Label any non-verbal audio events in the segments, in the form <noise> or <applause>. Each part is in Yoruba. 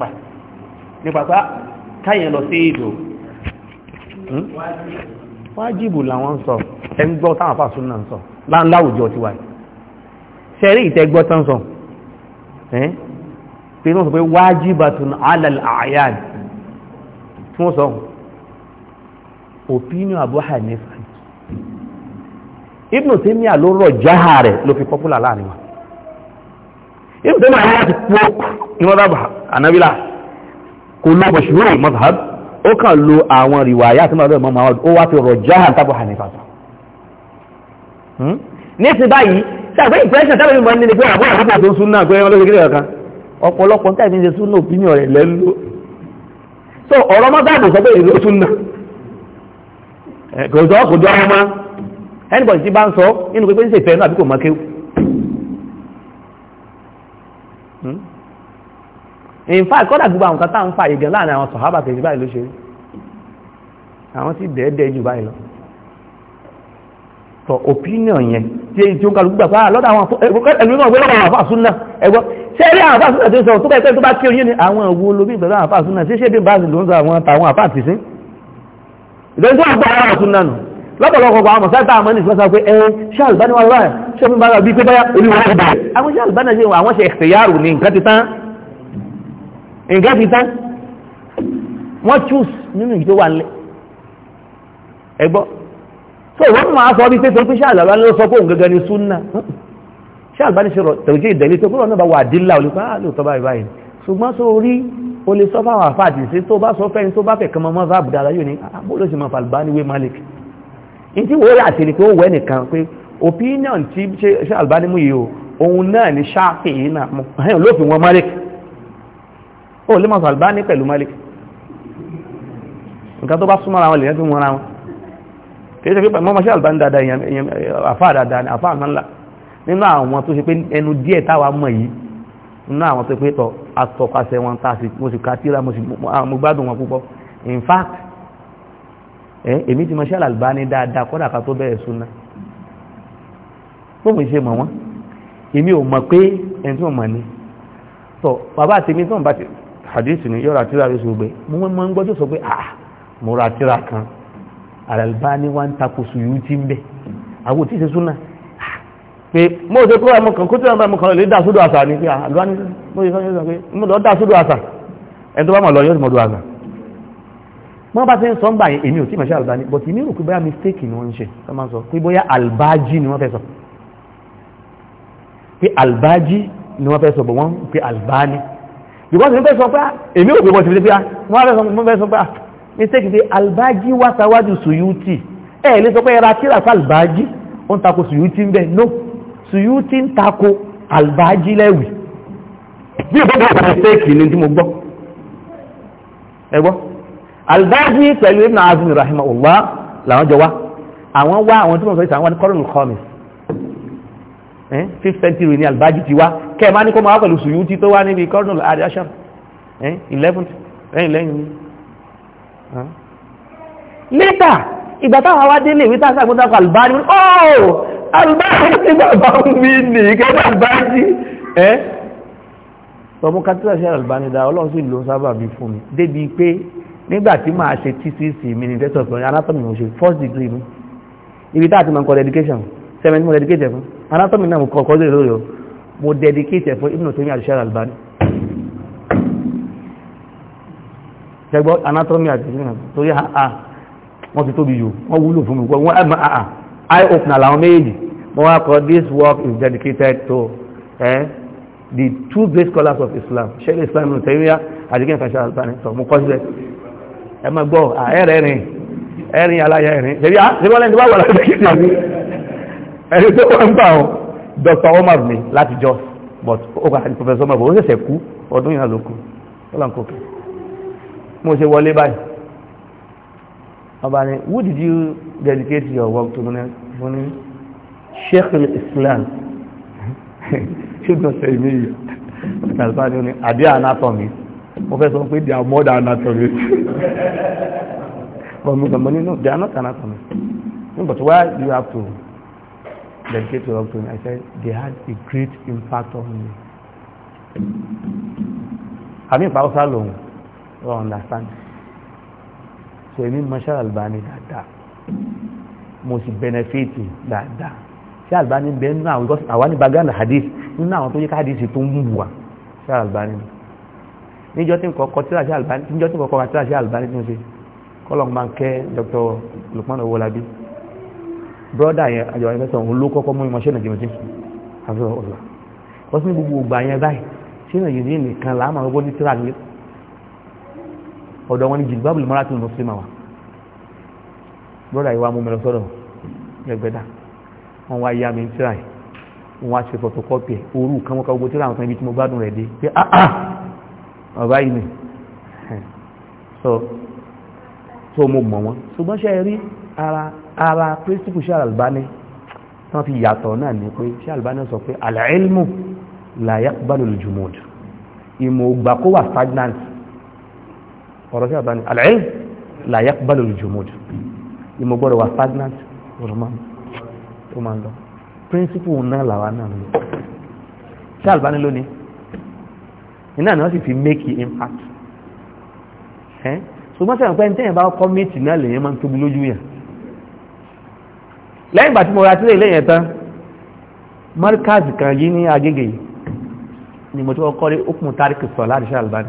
gbà nípa pé káyẹ̀ lọ sí ìdò hmm? wájìbù làwọn ń sọ ẹ ń gbọ́ táwọn fàṣún náà ń sọ láwùjọ ti wà ṣẹ̀rí ìtẹ́gbọ́ tán sọ pé wọ́n sọ pé wájìbàtún alal a'yan tí wọ́n sọ opinion Abu Hanifa ibnu tèmíà ló rọ̀ jáhà rẹ̀ ló fi pọ́pùlà láàrin wa ibnu tèmíà láti pọ́ anábílà kò lọ mọ̀ṣúrù mazhab ó kàn lo àwọn rìwàyà tí mọ̀lọ́dọ̀ mọ́ mawad ó wá fi rọ̀ já hàn tábù hanifa sọ hmm? ní ti báyìí ṣàgbé ìpẹ́ṣẹ̀ tábù mi mọ́ ní pé àbúrò àbúrò tó ń sún náà pé wọ́n lóṣèlú so ọ̀rọ̀ mazhab sọ pé ìlú sún náà kò jọ kò jọ ọmọ ẹnìbọ̀dì ti bá in fact kọ́dà gbogbo àwọn kan tá ń fa ìgẹ̀ láàrin àwọn sọ̀hábà kejì báyìí ló ṣe rí àwọn sì dẹ́ẹ̀dẹ́ jù báyìí lọ tọ opinion yẹn tí èyí tí ó ń kàlùkù gbàgbà ah, lọ́dọ̀ àwọn àfàsúnà ẹgbọ́ ṣe rí àwọn àfàsúnà tí ó sọ tó bẹ́ẹ̀ pẹ́ tó bá kí oyin ni àwọn òwú olóbí pẹ̀lú àwọn àfàsúnà ṣe ṣe bí báàsì ló ń sọ àwọn àtàwọn àfàtìsín ìdẹ́ni tó àgbà àwọn àfàsúnà nù lọ́pọ̀lọpọ̀ àwọn mọ̀sáìtà àmọ́ ní ìfẹ́sà pé ẹ ṣàlùbáníwá rẹ̀ ṣe fún bára bí pé báyá orí wọn àwọn ṣàlùbáníwá àwọn ṣe ẹ̀ṣẹ̀yàrù ní nǹkan ti tán nǹkan ti tán wọ́n choose nínú ìjọ wà lẹ́ ẹ gbọ́ so wọ́n máa sọ bíi pé ṣé àlọ́ ló sọ pé òun gẹ́gẹ́ ni súnà ṣé àlùbáni ṣe tẹ̀wéjì ìdẹ̀lẹ́ tó kúrò náà bá wà dílà ò lè pa ah, lóòótọ́ báyìí báyìí ṣùgbọ́n sọ orí o lè sọ fáwọn àfáàtì sí tó bá sọ fẹ́ni tó bá fẹ̀ kan mọ́ záàbù dára yóò ní àbúrò ah, ṣe máa fàlùbáni wé malik ní tí wọ́n rí àtìrí pé ó wẹ́ nìkan pé opinion tí ṣe àlùbáni mú yìí o òun náà ni ṣáàfì yìí náà mọ́ lófin wọn malik ó lè mọ̀ Albani pẹ̀lú Malik nǹkan tó bá súnmọ́ àwọn èèyàn tó mọ́ra wọn kìí ṣe pé mọ́ mọ́ sí Albani dáadáa èèyàn àfáà dáadáa ni àfáà ńlá nínú àwọn tó ṣe pé ẹnu díẹ̀ táwa mọ̀ yìí nínú àwọn tó pé tọ atọ́pasẹ̀ wọn tá a mo sì ka tíra mo gbádùn wọn púpọ̀ in fact èmi ti mọ̀ sí Albani dáadáa kọ́dà ká tó bẹ̀rẹ̀ súnná bóun ṣe mọ̀ wọ́n èmi ò mọ̀ pé ẹni tí wọ́n mọ̀ ni tọ bàbá àti èmi tí wọ́n bá ti hadith ni yóò ratira rẹ̀ sọ pé mo mọ́ ń gbọ́jọ́ sọ pé ah mo ratira kan Al-Albani wá ń takò sùúrù tí ń bẹ̀ àwọn òtí ṣe súnà ah, pé mo ṣe kúrò àmọ́ kan kó tí wọ́n bá mọ́ kan lè dá sódò àṣà ní pé Al-Albani ah, mo ṣe sọ́yọ́ sọ pé bá mọ̀ ń sọ ń gbà èmi ò tí ì mọ̀ ṣe Al-Albani but èmi rò bóyá mistake ni wọ́n ń ṣe wọ́n máa ń sọ pé bóyá Al-Baji ni wọ́n fẹ́ sọ pé al ni wọ́n fẹ́ sọ bọ̀ wọ́n pé Al-Albani because ní pẹ́ sọ pé èmi ò pé bọ́ ti fi pé wọ́n fẹ́ sọ pé ah, mistake pé albaji wá sáwájú suyuti ẹ̀ lè sọ pé ẹra tíra fún albaji ó ń tako suyuti ń no suyuti ń tako albaji lẹ́wì bí ìbọn bọ́ bọ́ mistake ni tí mo gbọ́ ẹ gbọ́ albaji pẹ̀lú ibn azmi rahimahullah làwọn jọ wá àwọn wá àwọn tí wọ́n sọ ìsàn àwọn kọ́rọ̀lù kọ́mìs 5th century ni albaji ti wá kẹ́ẹ̀má ní kó máa pẹ̀lú Suyuti tó wá níbi cardinal adiasham 11th lẹ́yìn lẹ́yìn later ìgbà táwọn wá délé ìwé tàṣà gbọ́dá kọ Albani oh Albani ti bàbá mi nì kẹ́ẹ̀má Albani ẹ́ tọmọ kátírà sí Albani dá ọlọ́run sì ló sábà bí fún mi débi pé nígbà tí máa ṣe tcc mi ní tẹ́sán ọ̀pẹ̀rẹ̀ anatomy mo ṣe first degree mi ibi táà ti máa ń kọ́ education seventh mo education fún anatomy náà mo kọ́ kọ́ lórí o mo dedicate fún Ibn Taymiyyah àti Sheikh Albani jẹgbọ́ anatomy àti ìṣẹ́nà torí àà wọ́n ti tóbi yóò wọ́n wúlò fún mi wọ́n ẹ̀mà àà eye opener làwọn méjì mo wá kọ this work is dedicated to eh, the two great scholars of Islam Sheikh Islam Ibn Taymiyyah àti kí n kàṣà Albani sọ mo kọ́ síbẹ̀ ẹ máa gbọ́ ẹ̀rẹ̀ rìn ẹ̀rìn aláyẹ̀ rìn ṣe bí wọ́n lẹ́ni tó bá wà láti ẹ̀rìn tó wọ́n ń bá wọn Dr. Omar ni láti jọ but ó kà ní Professor Omar ó ṣẹ̀ṣẹ̀ kú ọdún ìhàn ló kú ọlọ́nkọ̀ọ́kẹ́ mo ṣe wọlé báyìí ọba ni who did you dedicate your work to fún ní Sheikh islam ṣùgbọ́n sẹ́yìn mi yìí ọ̀tàlùfáà ni ó ní àdé anatomy mo fẹ́ sọ pé they are more than anatomy <laughs> but mo gbàgbọ́ nínú they are not anatomy but why do you have to They dedicate to talk to me. I said, they had a great impact on me. Àmì ìpàwọ́sá lòun, you understand. So èmi mọ ṣáà Albani dáadáa. Mo sì bẹnẹfíìtì dáadáa. Ṣé Albani bẹ nínú àwọn because àwa ní Bagana Hadith nínú àwọn tó yẹ ká Hadith tó ń wù wá ṣáà Albani. Níjọ́ tí nǹkan kọ tíra ṣáà Albani níjọ́ tí nǹkan kọ tíra ṣáà Albani tí mo ṣe kọ́lọ́ọ̀ máa ń kẹ́ Dr. Lukman Owolabi brọ́dà yẹn àjọyọ̀ ìfẹ́sọ̀ òun ló kọ́kọ́ mú ìmọ̀ṣẹ́ nàìjíríà àfihàn ọ̀la wọ́n sì ní gbogbo ògbà yẹn báyìí ṣé nàìjíríà nìkan làá máa ní tíra ní ọ̀dọ̀ wọn ni jìlbábùlì mọ́ra tó lọ sí ma wa brọ́dà yìí wá mú mi lọ sọ́dọ̀ ẹgbẹ́dà wọn wá yá mi tíra yìí wọn wá ṣe fọtọkọ́pì ẹ̀ orú kan wọ́n ká gbogbo tíra àwọn ibi tí mo gbádùn rẹ̀ dé ah, ah, ni so so mo mọ̀ wọn ṣùgbọ́n ṣe ara principle ṣe Albani wọ́n fi yàtọ̀ náà ní pé ṣe Albani sọ pé al-ilmu la yaqbalu al-jumud ìmọ̀ ògbà kó wà stagnant ọ̀rọ̀ ṣe Albani al-ilmu la yaqbalu al-jumud ìmọ̀ gbọ́dọ̀ wà stagnant ọ̀rọ̀ máa ń lọ principle náà làwa náà lọ ṣe impact ṣùgbọ́n sẹ́yìn pé ní tẹ́yìn bá kọ́ méjì náà lèyìn máa ń tóbi lójú yẹn lẹ́yìn ìgbà tí mo ra sílẹ̀ ilé yẹn tán markazi kan yí ní agége ni mo tí wọ́n kọ́rí okùn tariq sọ láti ṣe albani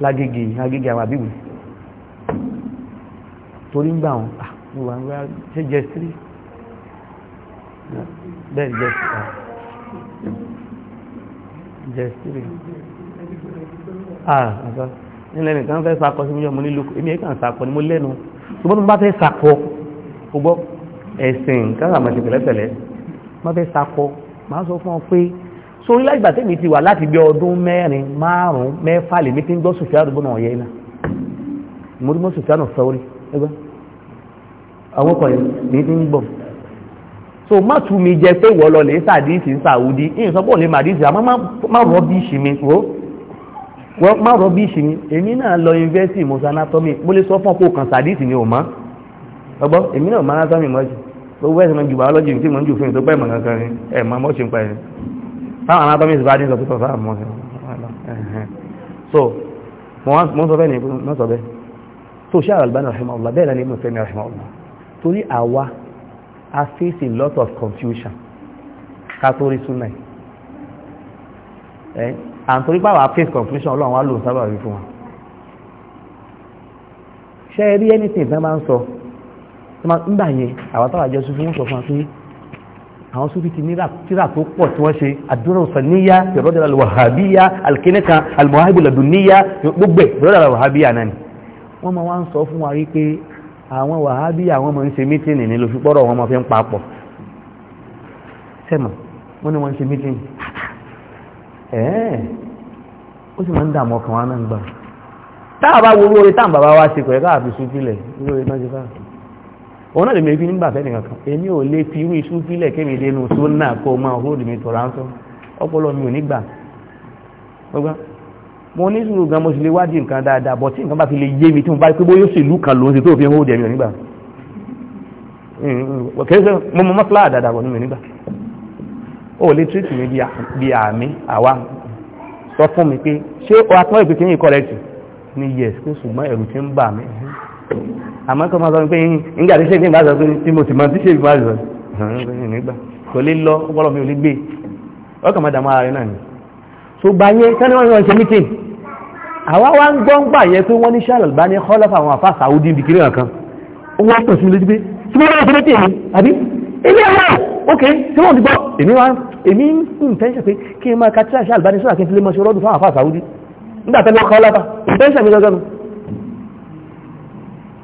lágége agége àwọn àbíwì torí ń gbà wọn ah, mo wà ń ṣe jẹ sí bẹ́ẹ̀ jẹ sí jẹ sí ah, ah nílẹ̀ nìkan fẹ́ sakọ sí mi yọ mo nílò èmi kan sakọ ni mo lẹ́nu ṣùgbọ́n gbogbo ẹ̀sìn kára àmàṣe pẹ̀lẹ́pẹ̀lẹ́ má fẹ́ sakọ má sọ fún ọ pé so ilé ìgbà tẹ́mi ti wà láti bí ọdún mẹ́rin márùn-ún mẹ́fà lèmi tí ń gbọ́ sùfíà àdúgbò náà yẹ iná mo rí mọ́ sùfíà náà sọ orí ẹgbẹ́ àwọn ọkọ̀ yẹn ti ń gbọ́ so má tu mi jẹ pé wọ́n lọ lè sàdíìsì ń sàwùdí ìyẹn sọ pé òun lè màdíìsì àmọ́ má rọ́ bí ìṣì mi wò wọ́n má rọ́ bí ìṣì mi èmi náà lọ yunifásitì mọ̀sánátọ́mì mo lè sọ fún ọkọ̀ kan sàdíìsì ni ò mọ́ ọgbọ́ èmi náà máa sáàmì mọ́jú gbogbo ẹ̀sìn jù biology tí mo ń fún ìtọ́pẹ́ ìmọ̀ kankan ni ẹ̀ máa mọ́ṣe ń pa ẹ̀ táwọn anatomist bá dín sáà mọ́ so mo sọ bẹ́ẹ̀ ni mo sọ bẹ́ẹ̀ so ṣé Al-Albani rahimahullah bẹ́ẹ̀ lẹ́ni Ibn Taymiyyah rahimahullah torí àwa a face a lot of confusion kátórí súnà ẹ̀ and torí face confusion ọlọ́run wá lòun sábà rí rí anything tán bá ń sọ nígbà yẹn àwọn táwọn àjọ sufi ń sọ fún wa pé àwọn sufi ti níra tíra tó pọ̀ tí wọ́n ṣe àdúrà sàníyà ìrọ́dà alwahabiya alkinaka almuhahibu laduniya gbogbo ìrọ́dà alwahabiya náà ni wọ́n máa wá ń sọ fún wa rí pé àwọn wahabiya wọ́n máa ń ṣe mítìnì ní lóṣù pọ́rọ̀ wọn máa fi ń papọ̀ sẹ́mọ̀ wọ́n ní wọ́n ń bá wo olóore táà bàbá káàfi sùn sílẹ̀ olóore náà ṣe káàfi òun náà lè mẹ́bí nígbà fẹ́ nìkan kan èmi ò lè fi irú iṣu sílẹ̀ kémi dénú tó náà kó máa hóòdù mi tọ̀rọ̀ áńsọ́ ọpọlọ mi ò nígbà ọgbà mo ní sùúrù gan mo sì lè wádìí nǹkan dáadáa bọ̀ tí nǹkan bá fi lè yé mi tí mo bá pé bóyá òṣèlú kan ló ń ṣe tó fi hóòdù ẹ̀mí ò nígbà mm-hmm. kẹsàn mo mọ mọ́sálà dáadáa bọ̀ nínú nígbà ó lè tírìtì mi bí àmì àwa sọ fún mi pé ṣé o ni yes kó ṣùgbọ́n àmọ́ kọ́ máa sọ pé nígbà tí ṣéèkì bá sọ pé tí mo ti mọ tí ṣéèkì bá sọ nígbà kò lè lọ ọpọlọ mi ò lè gbé ọkàn máa dàmú ara rẹ náà ni so gba yẹn kí wọ́n yọ ṣe meeting àwa wá ń gbọ́ gbà yẹn tó wọ́n ní ṣàlọ̀ bá ní hall of àwọn àfáà Saudi bìkiri nǹkan wọ́n pẹ̀ sí lójú pé tí wọ́n yọ ṣe meeting mi àbí ilé ẹ̀rọ ok tí wọ́n ti gbọ́ èmi wá èmi ń Saudi nígbà tẹ́lẹ̀ kọ́ lápá ìtẹ́ṣẹ̀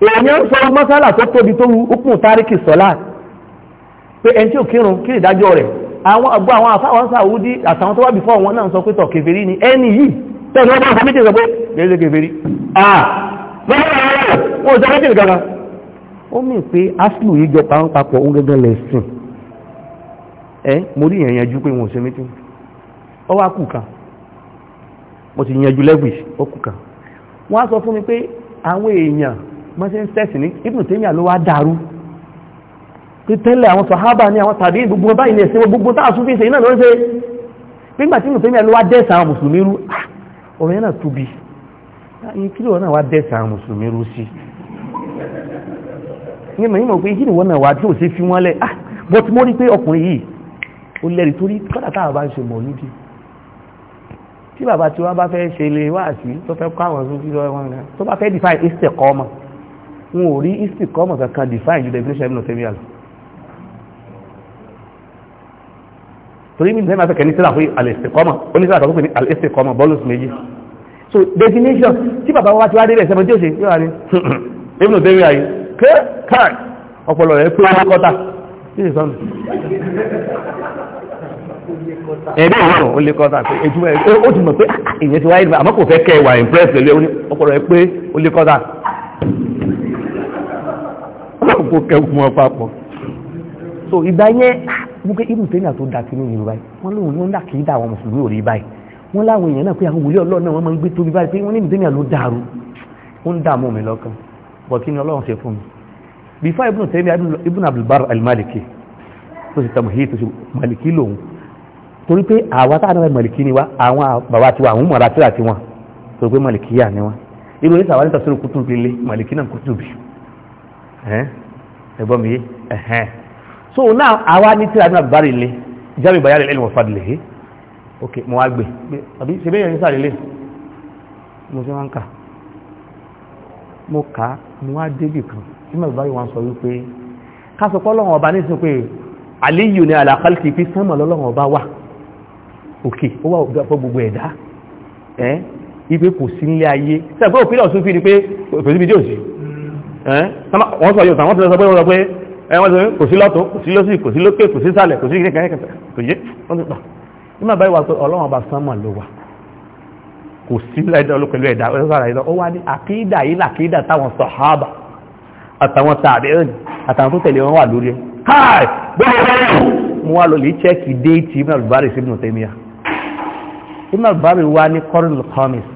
èèyàn ń sọ mọ́sálà tó tóbi tó wu ukùn táríkì sọ́lá pé ẹni tí ò kírun kí ìdájọ́ rẹ̀ àwọn àgbọ́ àwọn àfáwọn àtàwọn tó wà bí fọ́ọ̀wọ́n náà sọ pé tọ̀ kèfèrí ni ẹni yìí tẹ́lẹ̀ wọ́n bá sọ sọ pé lẹ́lẹ́ kèfèrí wọ́n sọ fún mi pé mọ́sí ń tẹ́sì ní Ibn Taymiyyah ló wá dàrú tí tẹ́lẹ̀ àwọn sàhábà ní àwọn tàbí gbogbo báyìí ní ẹ̀sìn gbogbo tá a sún fi ṣe iná ló ń ṣe nígbà tí Ibn Taymiyyah ló wá dẹ́sà àwọn mùsùlùmí rú ah, ọ̀rọ̀ yẹn náà tóbi ah, kí ló náà wá dẹ́sà àwọn mùsùlùmí rú sí ní mọ̀ nímọ̀ pé kí ni wọ́n náà wá tí ò sí fi wọ́n lẹ̀ ah, but mo rí pé ọkùnrin yìí ó lẹ́rìí torí kọ́dà táwọn bá ń ṣe mọ̀ nídìí tí bàbá tí wọ́n bá fẹ́ ṣe lè wáàsí tó fẹ́ kọ́ àwọn tó fi lọ́wọ́ wọn tó bá fẹ́ define istiqama wọn ò rí istikọ́mọ̀ kankan define ju definition ibn tẹ́míyà torí mi tẹ́míyà fẹ́kẹ́ ní sílà fún alẹ́stikọ́mọ̀ ó ní sílà tó pè ní alẹ́stikọ́mọ̀ méjì so definition tí bàbá wa ti wá débẹ̀ sẹ́mọ̀ tí ó ṣe yóò wá ní <laughs> ibn tẹ́míyà yìí ké káì ọpọlọ rẹ̀ pé ó kọ́ta kí ni sọ́nù ẹ̀bí ìwọ̀n ó lé kọ́ta pé ètùmọ̀ ó ti mọ̀ pé ah, ìyẹn ti wáyé àmọ́ kò fẹ́ kẹ́ wà impress pẹ̀lú ọpọlọ rẹ̀ pé ó lé kọ́ta kó kẹ́kùn wọn papọ̀ so ìgbà yẹn wípé ah, irú tẹ́lẹ̀ tó dà kínú yorùbá yìí wọ́n lóun ló ń dà kìí dà àwọn mùsùlùmí ò rí báyìí wọ́n láwọn èèyàn náà pé àwọn wòlíì ọlọ́run náà wọ́n máa ń gbé tóbi báyìí pé wọ́n ní ìdẹ́nìyà ló dàrú ó ń dààmú mi lọ́kàn bọ̀ kí ni ọlọ́run ṣe fún mi before ibùn tẹ́lẹ̀ ibùn abdulbar alimaliki tó ṣe tàbí tó ṣe maliki lòun torí pé àwa tá a náà maliki ni wa àwọn bàbá tiwa àwọn mọ̀ra tíra tiwọn torí pé maliki yà ni wọn ìròyìn sàwọn ní tàṣírí kútùbí lé maliki náà kútùbí ẹgbọ́n mi ẹ̀hẹ́n so now àwa ní tíra náà bá rí lé jábì bàyá lẹ́lẹ́ wọ́n fadìlẹ̀ hé ok mo wá gbé àbí ṣe bẹ́ẹ̀ ní sàrẹ́lẹ̀ mo fi wá ń kà mo kà mo wá débì kan tí mo bá rí wọn sọ wípé ká sọ pé ọlọ́run ọba nísìnyí pé àlíyù ni àlàkálìkì fi sánmà lọ́lọ́run ọba wà òkè ó wà fún gbogbo ẹ̀dá ẹ́ ipe kò sí nílé ayé sẹ́gbẹ́ òpínlẹ̀ ọ̀sùn fi ni pé òpèsè bídíò sí wọ́n sọ yóò sàn wọ́n ti lọ sọ pé wọ́n sọ pé ẹwọ́n sọ kò sí lọ́tún kò sí lọ́sì kò sí lókè kò sí sàlẹ̀ kò sí kẹ́kẹ́ kò yé wọ́n ti gbà ah. nígbà báyìí wà pé ọlọ́run ọba sánmà ló wà kò sí lẹ́dọ̀ olókèlú ẹ̀dá ọ̀sán àìsàn ó wá ní àkídà yìí làkídà táwọn sàhábà àtàwọn tàbí ẹ̀rìn àtàwọn tó tẹ̀lé wọn wà lórí ẹ̀ káì gbọ́gbọ́rọ̀ mú wá lọ lè chẹ́kì déètì ibn al-bari sí ibn taymiya ibn al-bari wá ní kọrin al-khamis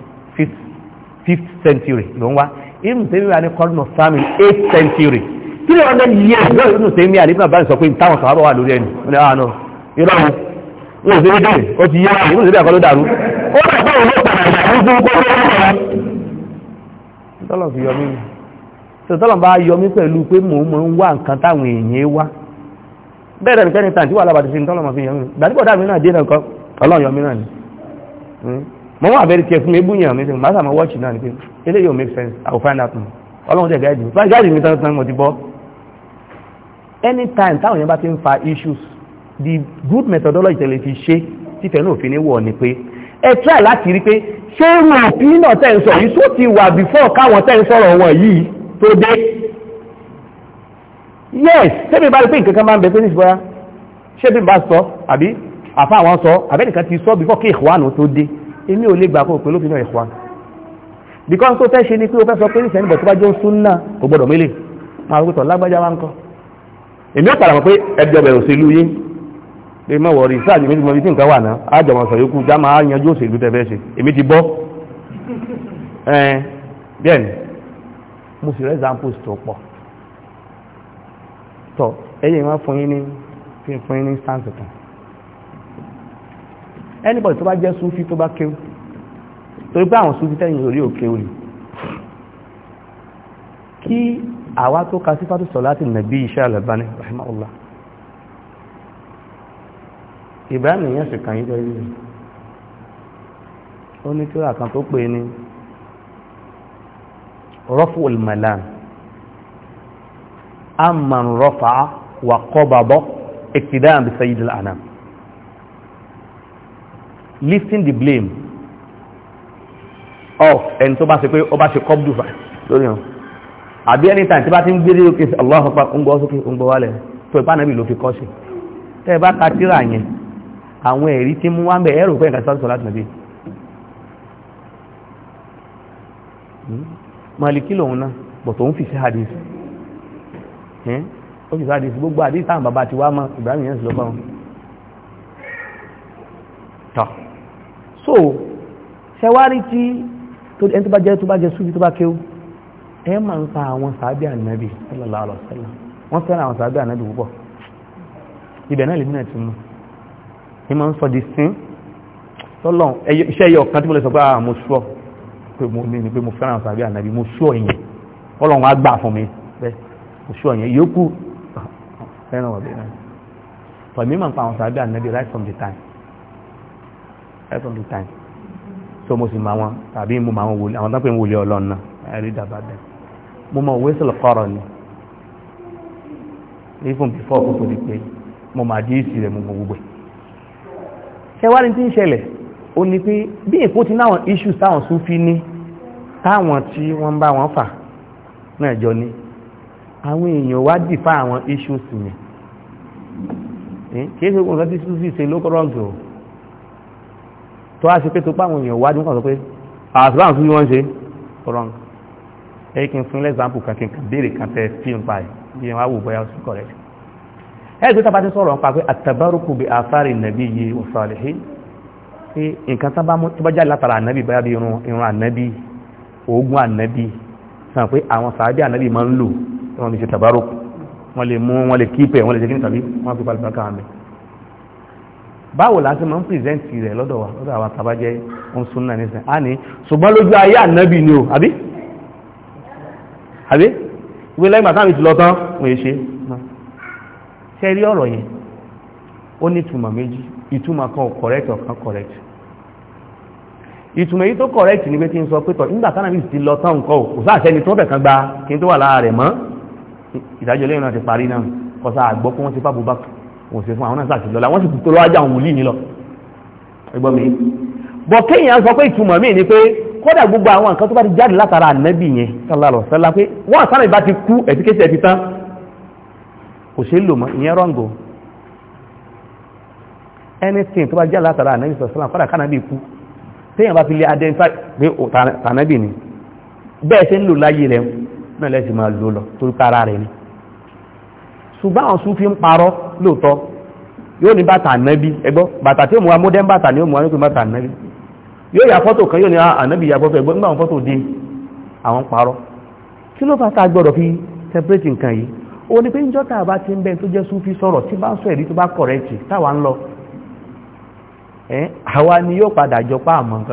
5th century ló ń wá ibùn tèmi wà ní kọ́nà family eight century kí ló ọ̀nà yẹ ẹ̀rọ ibùn tèmi wà ní ibùn àbáyé sọ pé táwọn sọ̀rọ̀ bọ̀ wà lórí ẹni wọn ni àwọn ah, àna irọ́ àwọn wọn ò sí wíjọ́ ó ti yẹ wọn ibùn tèmi àkọlù dàrú ó rà pé òun ló pàdà ìgbà tó ń kó lórí ọ̀rọ̀ tọ́lọ̀ fi yọ mí tó tọ́lọ̀ bá yọ mí pẹ̀lú pé mò ń mọ̀ ń wá nǹkan táwọn èèyàn wá bẹ́ẹ̀ nìkan ni tàǹtí wà lábàtí sí ní tọ́lọ̀ mọ̀ fi yọ mí gbàdúgbò dàmí náà dé náà kọ́ ọlọ́run yọ mí náà ni hmm mo wà very careful ebú yàn mi máa sàmọ́ wọ́ọ̀chì náà ni pé eléyìí ò make sense i will find out ọlọ́run tẹ̀ gáàdì mi gáàdì mi tán tán mo ti bọ́ anytime táwọn yẹn bá ti ń fa issues the good methodology tẹ̀lé fi ṣe títẹ̀ náà fi ní wọ̀ ni pé ẹ try láti rí pé ṣé irun òfin náà tẹ̀ ń sọ yìí só ti wà before káwọn tẹ̀ ń sọ̀rọ̀ wọn yìí tó dé yes tẹ́mi bá rí pé nǹkan kan máa ń bẹ pé níṣẹ́ bóyá ṣé bí n bá sọ àbí àfa àwọn sọ àbẹ́nìkan ti sọ before kí ìhùwánu tó dé èmi ò lè gbà kó pẹ̀lú òfin ìwà because tó fẹ́ ṣe ni pé o fẹ́ sọ pé ní sẹ́yìn bọ̀ tó bá jọ súnà kò gbọ́dọ̀ mélè máa wípé tọ̀ lágbájá wa ń kọ́ èmi ó pàdà mọ̀ pé ẹgbẹ́ bẹ̀rẹ̀ òṣèlú yé pé mọ̀ wọ̀ rìsáà ní méjì mọ̀ tí nǹkan wà náà ájọmọ̀ sọ yókù já máa yanjú òṣèlú tẹ́fẹ́ ṣe èmi ti bọ́ ẹn bẹ́ẹ̀ni mo sì rẹ́ examples tó pọ̀ tọ ẹ̀yẹ̀ wá fún yín ní fún yín ní instance kan anybody tó bá jẹ́ súnfí tó bá kéwù torí pé àwọn súnfí tẹ́yìn orí òkéwù ni kí àwa tó ka sífàtò sọ̀láti nàbí iṣẹ́ alẹ́báni rahimahullah ìbáyàmì yẹn sì kàn yíjọ ilé ó ní kí àkàn tó pè ní rọ́fù olùmọ̀lán amman rọ́fà wà kọ́ bàbọ́ ìtìdáàbì sayyidil anam lifting the blame of ẹni tó bá ṣe pé ó bá ṣe kọ́bdù fà lórí wọn àbí anytime tí bá ti ń gbére òkè Allahu Akbar ń gbọ́ sókè ń gbọ́ wálẹ̀ tó ipá nàbì ló fi kọ́ sí tẹ́ ẹ bá ka tíra yẹn àwọn ẹ̀rí tí mú wá ń bẹ̀ ẹ̀rù pé nǹkan sọ́dọ̀ láti nàbì Màlìkí lòun náà bọ̀ tó ń fi sí hadith ó fi sí hadith gbogbo hadith táwọn bàbá ti wá mọ́ Ibrahim yẹn sì wọn so ṣẹwárí tí ẹni tó bá jẹ́ tó bá jẹ́ súnjú tó bá kéwú ẹ máa ń pa àwọn sàábì ànábì sallallahu alaihi wasallam wọ́n fẹ́ràn àwọn sàábì ànábì púpọ̀ ibẹ̀ náà lèmínà ti mú ní máa ń sọ di sín tọ́lọ̀ iṣẹ́ yọ kan tí mo lè sọ pé àwọn ah, mo sọ pé mo ní pé mo fẹ́ràn àwọn sàábì ànábì mo sọ ìyẹn ọlọ́run á gbà fún mi bẹ́ẹ̀ mo sọ ìyẹn yòókù ah, fẹ́ràn ọ̀bẹ náà pẹ̀lú mímọ̀ pa àwọn sàábì ànábì right from the time that's on the time so mo sì máa wọn tàbí mo máa wọn wòlé àwọn tápẹ́ wòlé ọlọ́run náà ẹ̀rí dàbà dẹ̀ mo mọ Waisul Qarni even before kò tó di pé mo máa dí ìsì rẹ̀ mo mọ gbogbo ẹ̀ ṣẹwárí tí ń ṣẹlẹ̀ ó ní pé bí èkó ti náwọn issues táwọn Sufi ní táwọn tí wọ́n bá wọn fà náà jọ ní àwọn èèyàn wá dìfà àwọn issues yẹn kí é ṣe ogun kan tí Sufi ṣe ló kọ́rọ̀ gẹ̀ọ́ tó wá sí pé tó páwọn èèyàn wájú kan sọ pé àṣìláàmù fún wọ́n ṣe ọ̀rọ̀n ẹ kí n fún lẹ́sàmpù kankan kan béèrè kan tẹ fíìm páì bí wọ́n wò bóyá sí kọ̀rẹ́ ẹ tó tábà ti sọ̀rọ̀ pa pé àtàbárùkù bí àfárí nàbí yìí wọ́n sọ̀rọ̀ ṣe pé nǹkan tó bá mú tó bá jáde látara ànábì bóyá bí irun ànábì oògùn ànábì sàn pé àwọn sàábì ànábì máa ń lò wọ́n fi ṣe tàbárùkù wọ́n lè mú wọ́n lè kíìpẹ̀ wọ́n lè ṣe kí báwo la ṣe máa ń pìrìsẹ́ǹtì rẹ̀ lọ́dọ̀ wa lọ́dọ̀ àwọn tàbájẹ́ ń sún náà nísìn á ní ṣùgbọ́n lójú ayé ànábì ni o àbí àbí ìwé lẹ́yìn bàtà mi ti lọ wọ́n yé ṣe ṣe rí ọ̀rọ̀ yẹn ó ní ìtumọ̀ méjì ìtumọ̀ kan correct ọ̀kan correct ìtumọ̀ èyí tó correct ni pé kí n sọ pé tọ̀ nígbà tánà mi ti lọ tán nǹkan o kò sáà sẹ́ni tó bẹ̀ kan gba kí n tó wà lára mọ́ ìdájọ́ lẹ́yìn náà ti parí náà kọ́sà àgbọ́ pé wọ́n ti fábùbákùn wọ́n sì fún àwọn náà sàtì lọ́la wọ́n sì tó lọ́wọ́ àwọn wòlíì nílọ ẹgbọ́n mi bọ̀ kéèyàn sọ pé ìtumọ̀ mi ni pé kódà gbogbo àwọn nǹkan tó bá ti jáde látara ànábì yẹn sallallahu alaihi wasallam pé wọ́n sáré bá ti kú ẹ̀tíkẹ́tì ẹ̀tí tán kò ṣe lò mọ́ ìyẹn rọ́ǹgò anything tó bá jáde látara ànábì sallallahu kódà kánàbì kú téèyàn bá fi lè identify pé tànábì ni bẹ́ẹ̀ ṣe ń lò láyé rẹ̀ náà lẹ́sìn máa lò lọ torí kára rẹ̀ ni ṣùgbọ́n àwọn sún fi ń parọ́ lóòtọ́ yóò ní bàtà ànábì ẹgbọ́ bàtà tí ó mú wa modern bàtà ni ó mú wa ní pé bàtà ànábì yóò yà fọ́tò kan yóò ní ah, ànábì yà fọ́tò ẹgbọ́ nígbà àwọn fọ́tò dé àwọn parọ́ kí ló fàtà gbọ́dọ̀ fi separate nǹkan yìí ó ní pé ni yóò padà jọ pa àmọ́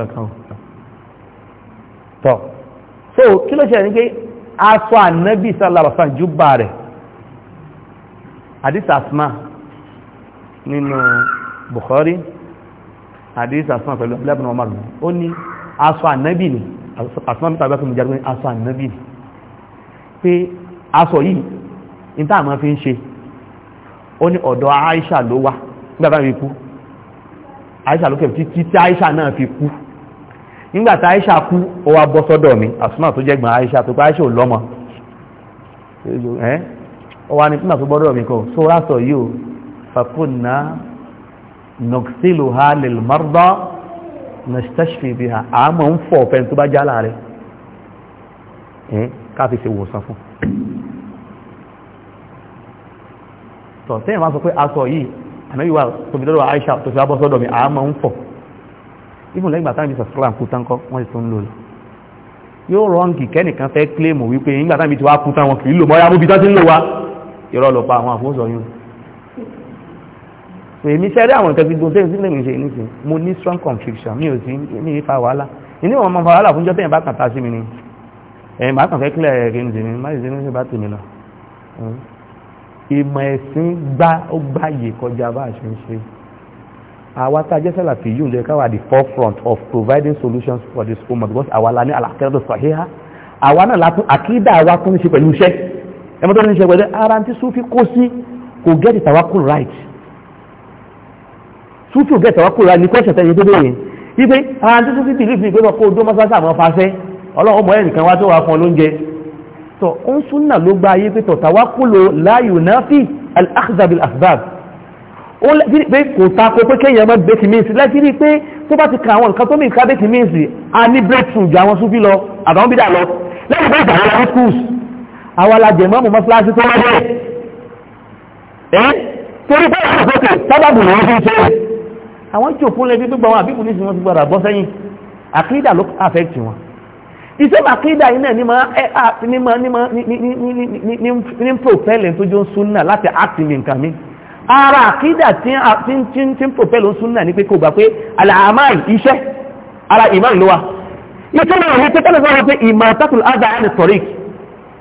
so kí ló ṣe ní pé aṣọ ànábì sallallahu alaihi wasallam rẹ̀ hadith asma nínú bukhari hadith asma pẹ̀lú abúlábùn ọmọ rẹ̀ ó ní aṣọ ni asma mẹ́ta gbáfẹ́ mú jẹ́ aṣọ ànábì ni pé aṣọ yìí ní tá àmọ́ fi ń ṣe ó ní ọ̀dọ̀ aisha ló wá nígbàtà fi kú aisha ló kẹ̀kẹ́ títí tí aisha na fi kú nígbàtà aisha kú ó wá bọ́ sọ́dọ̀ mi asma tó jẹ́gbọ̀n aisha tó pé aisha ò lọ́mọ wà ní pínlẹ̀ tó gbọ́dọ̀ mi kọ́ so rásọ̀ yóò fàkúnná nọ̀ksílù ha lè mọ́rọ́dọ́ na stashfi bí ha a mọ̀ ń fọ̀ fẹ́ tó bá já láàrẹ ẹ́ káfí ṣe wòsàn fún tọ̀ tẹ́yìn máa sọ pé aṣọ yìí àmẹ́yíwá tóbi lọ́dọ̀ Aisha tó fi abọ́sọ́dọ̀ mi a mọ̀ ń fọ̀ ìfún lẹ́gbà tánàbí sàtìlám kú tánkọ́ wọ́n yóò rọ́ǹkì kẹ́nìkan fẹ́ kílèmù wípé ìgbà tánàbí wá kú táwọn kìí lò mọ́ ya mú bí tán ti ń lò wá irọ́ lọ pa àwọn àfúnsọ yìí èmi sẹ́rí àwọn ìtẹ́gbí gbọ́dọ̀ sí lè ṣe nísìn mo ní strong conviction mi ò sí ní ìfà wàhálà ìní wọn máa fa wàhálà fúnjọ́ tẹ́yìn bá kàn ta sí mi ni ẹ̀yìn bá kàn fẹ́ kílẹ̀ ẹ̀rẹ́ ní ìsinmi má ìsinmi sí bá tèmi lọ ìmọ̀ ẹ̀sìn gbá ó gbáyè kọjá bá a ṣe ń ṣe àwa tá a jẹ́ sẹ́là fi yíùn jẹ́ ká the forefront of providing solutions for this woman because àwa la ní àlàkẹ́rẹ́ tó sọ àwa náà látún àkídà wa tún ṣe pẹ̀lú iṣẹ́ ẹmọ tó ní ṣe pẹ̀lú ara tí súfí kó sí kò get it tawakul right súfí ò get tawakul right ní kọ́ṣẹ̀ tẹ́yẹ tó bẹ̀rẹ̀ wípé ara tí súfí believe ní pẹ́lú kó dó mọ́sánsá àmọ́ fàṣẹ ọlọ́run mọ̀ ẹnìkan wá tó wà fún lóúnjẹ tó ń súnà ló gba ayé pé tawakulu la yunafi al-akhdha bil-asbab ó lẹ́tí pé kò tako pé kéèyàn mọ́ bẹ́tì míìsì lẹ́tí rí pé tó bá ti ka àwọn nǹkan tó mìíràn bẹ́tì míìsì a ní breakthrough ju àwọn súfí lọ àbáwọn bídà lọ lẹ́yìn bá ìgbà wọn lọ schools àwọn alájẹ̀ mọ́mù mọ́síláṣí tó wáyé ẹ́ torí pé àwọn òkè sábàbù lòun fi ń ṣe àwọn jòkó lẹ́bí gbígbà wọn àbíkù ní ìsinmi ti gbọ́dọ̀ bọ́ sẹ́yìn àkídà ló affect wọn ìṣẹ́ àkídà yìí náà ní máa ní máa ní máa ní propelling tó jọ ń súnà láti áàtì mi nǹkan mi ara àkídà tí ń propel ń súnà ní pé kò gbà pé àlàámáì iṣẹ́ ara ìmáà ló wa ìtumọ̀ ìwé pé tẹ́lẹ̀ sọ́rọ̀ pé ìmọ̀ àtàkùn àgbà ẹni tọ̀ríkì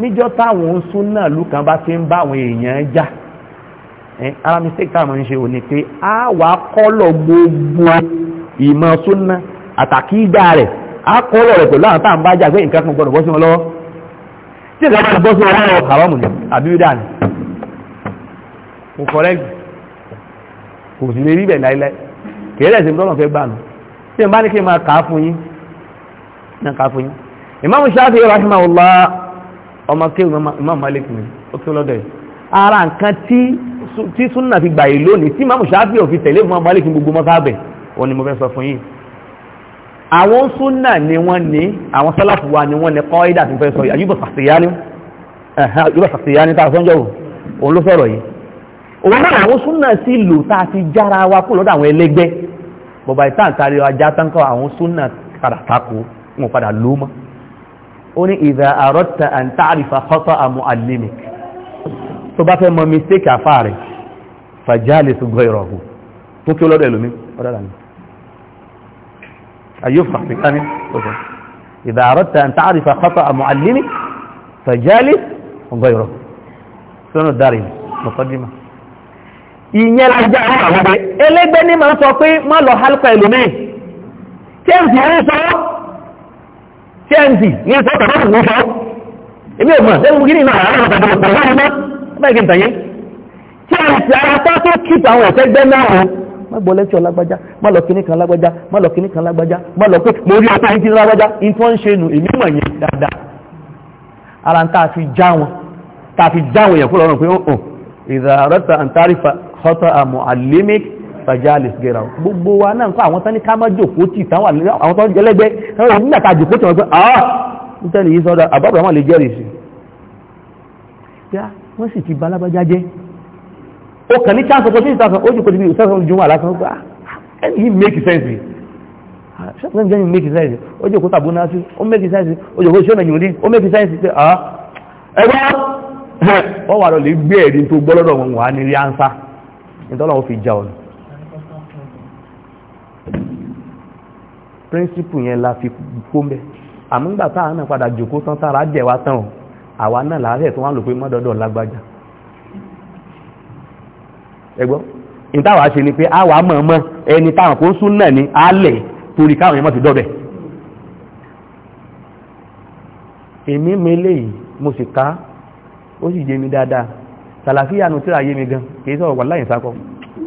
níjọ́ táwọn súnà lùkàn bá ti ń bá àwọn èèyàn já ara mistake táwọn ń ṣe ò pé a wà kọ́lọ̀ gbogbo ìmọ̀ súnà àtàkì ìdá rẹ̀ a kọ́lọ̀ rẹ̀ pẹ̀lú àwọn táwọn bá jà pé nǹkan kan gbọ́dọ̀ bọ́ sí wọn lọ́wọ́ tí nǹkan kan bọ́ sí wọn lọ́wọ́ haramu ni àbíwídà ni kò kọ́lẹ́gì kò sì lè rí bẹ̀ láíláí rahimahullah ọmọ kí imam malik ni ó kí lọ́dọ̀ yìí ara nǹkan tí súnà fi gbà yìí lónìí tí imam shafi ò fi tẹ̀lé imam malik gbogbo mọ́sáàbẹ̀ òun ni mo fẹ́ sọ fún yìí àwọn súnà ni wọ́n ní àwọn sálàfù wa ni wọ́n ní kọ́ ìdá tí mo fẹ́ sọ yìí ayúbọ̀ sàtìyá ní tá a sọ́njọ́ òun ló sọ̀rọ̀ yìí òun náà àwọn súnà sí lò tá a ti jára wa kú lọ́dọ̀ àwọn ẹlẹ́gbẹ́ bọ̀bá ìtàn kárí ajá tán kọ́ àwọn súnà padà tako wọn padà ló ó ní ìdá àrọ́ta àn tààrífà kọ́tọ́ àmú alimic tó bá fẹ́ mọ̀ mistake àfá rẹ̀ fàjálì tó gọ́ ìrọ̀hù tó kí olóòdó ẹlòmí ọ̀dára mi ayé fàfikání ọ̀sọ̀ ìdá àrọ́ta àn tààrífà kọ́tọ́ àmú alimic fàjálì gọ́ ìrọ̀hù sọ́nà dárí mọ̀kọ́dímà ìyẹn lajá àwọn àwọ̀dé ẹlẹ́gbẹ́ ní máa sọ pé má lọ hálùkọ ẹlòmí kí ẹ̀ tmc ní ẹ̀sọ́ tàbí ìwọ̀n sọ ebi ò mọ̀ ẹ̀rù gíní náà àwọn ọ̀tà tó kọ̀ láyé náà bẹ́ẹ̀ kí n tàn yín tmc ara pa tó kí àwọn ẹ̀fẹ́ gbẹ́ náà o má gbọ́ lẹ́tí ọlágbájá má lọ kíní kan lágbájá má lọ kíní kan lágbájá má lọ pé mo rí ọtá yín ti lágbájá in tó ń ṣe nù èmi mọ̀ yẹn dáadáa ara ń tá a fi já wọn tá a fi já wọn yẹn fúnra wọn pé ó ìdàrọ́ta àǹtárífà họ́tọ̀ àmọ̀ àlémẹ́kì fajalis gẹ́ra gbogbo wa náà kọ́ àwọn tání ká má jòkó tì táwọn àwọn tán jẹ́lẹ́gbẹ́ táwọn nígbàtà jòkó tì wọ́n pé àá ń tẹ́lẹ̀ sọ́dọ̀ àbábọ̀ lè ọrụ sí wọ́n sì ti balábájá ó kàn ní chance ọkọ̀ ah! ah, sí ìtàkùn ó ìtàkùn ó príncipù yẹn la fi kó mẹ́ àmúgbà táà náà padà jòkó tán tára jẹ̀wá tán àwa náà láàárẹ̀ tó wá lò pé mọ́dọ̀dọ̀ lágbájá ẹgbọ́ ìtawà ṣe ni pé àwa mọ̀ọ́mọ́ ẹni táwọn kó sún náà ní alẹ̀ torí káwọn yẹn mọ́ ti dọ́bẹ̀ èmi mele yìí mo sì ká ó sì jẹ mi dáadáa sàlàfíà nù tíra yé mi gan kìí sọ̀rọ̀ wà láyìn sákọ̀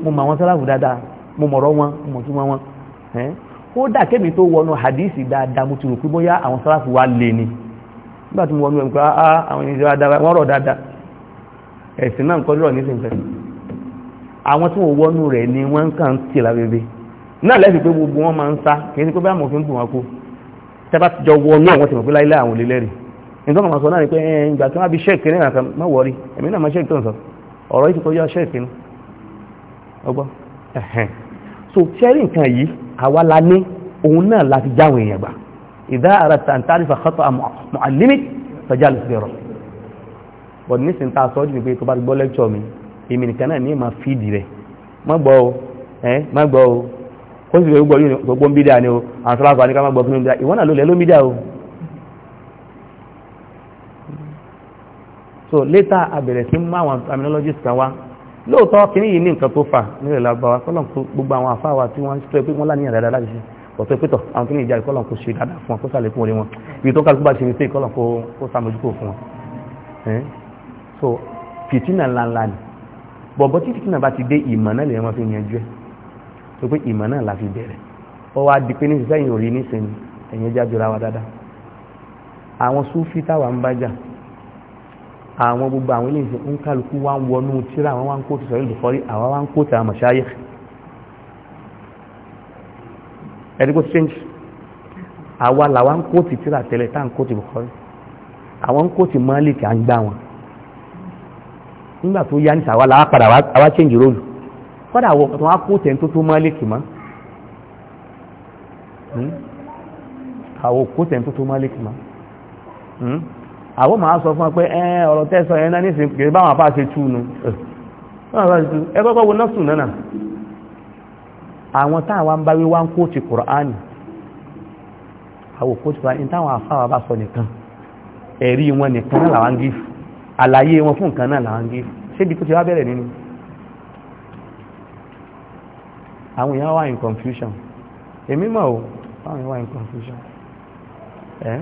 mo mọ̀ àwọn sálàfù dáadáa mo mọ̀rọ̀ wọn mo mọ̀ túnmọ̀ wọn kódà kémi tó wọnú hadisi dáadáa mo ti rò pé bóyá àwọn sáláfù wa lè ní nígbà tí mo wọnú ẹ̀ pé á ah, ah, àwọn ènìyàn dáadáa wọ́n rọ̀ dáadáa ẹ̀sìn náà nǹkan rọ̀ nísìn fẹ́ àwọn tí wọ́n wọnú rẹ̀ ni wọ́n ń kàn tì lábẹ́bẹ́ náà lẹ́sìn pé gbogbo wọn máa ń sá kì í sí pé bá mòfin bù wọn kú tẹ́bá ti jọ wọnú àwọn tí mo fi láìlẹ́ àwọn olélẹ́rì nítorí wọn sọ náà ni pé ìgbà tí wọ́n bí ṣẹ́ẹ̀kì náà kan má wọrí èmi náà má ṣẹ́ẹ̀kì tó ń sọ ọ̀rọ̀ yìí ti kọjá ṣẹ́ẹ̀kì ni so ṣẹ́rí nǹkan yìí àwa la ní òun náà láti jáwọn èèyàn gbà ìdá ara tàntàrífà kọ́tọ̀ àmọ́àlímì tọ́jálù sí ẹ̀rọ but nísìn tá a sọ́jú ní pé tó bá gbọ́ lẹ́kṣọ́ mi èmi nìkan náà ní ma fíìdì rẹ̀ má gbọ́ o ẹ́ má gbọ́ o ó sì fẹ́ so later a bẹ̀rẹ̀ sí mú àwọn terminologies kan lóòótọ́ kìíní yìí ní nǹkan tó fà nílẹ̀ lágbàwá kọ́lọ̀ gbogbo àwọn àfáà wa tí wọ́n ń sọ pé wọ́n láníyàn dáadáa láti ṣe ọ̀tọ́ pẹ́tọ̀ àwọn kìíní ìjà ìkọ́lọ̀ kò ṣe dáadáa fún wọn kó sàlẹ̀ fún orí wọn ibi tó kálukú bá ṣe so fìtínà ńláńlá ni bọ̀bọ̀ tí fìtínà bá ti dé ìmọ̀ náà lèèyàn fi yanjú ẹ̀ la fi bẹ̀rẹ̀ ó wá di pé ní sísẹ́yìn òrí nísìnyí ẹ̀yìn ẹja jọra àwọn gbogbo àwọn ilé ìsìn ń kálukú wá ń wọnú tíra àwọn wá ń kóòtù sọ̀rọ̀ ìlúfọ́rí àwọn wá ń kóòtù àwọn mọ̀ṣáyẹ̀ ẹ̀dígbò change àwa làwa ń kóòtù tíra tẹ́lẹ̀ tá ń kóòtù bùkọ́rí àwọn ń kóòtù mọ́lìkì à ń gbá wọn nígbà tó yá ní sàwa làwa padà àwa change role kọ́dà àwọn ọ̀pọ̀ tó wá kóòtù ẹni tó tó mọ́lìkì mọ́ hmm? àwọn kóòtù ẹni tó tó mọ́lìkì mọ́ hmm? àwọn máa sọ fún pé ẹ ọ̀rọ̀ tẹ́sọ ẹ̀ náà nísìn kìí báwọn apá ṣe tú nu ẹ kọ́kọ́ wo nọ́ọ̀sù náà àwọn táwa ń bá wí wá ń kó ti kùránì àwọn kó ti kùránì táwọn afáwà bá sọ nìkan ẹ̀rí wọn nìkan náà làwọn ń gífù àlàyé wọn fún nǹkan náà làwọn ń gífù ṣébi tó ti wá bẹ̀rẹ̀ nínú àwọn èèyàn wà in confusion èmi mọ̀ o àwọn èèyàn wà in confusion eh?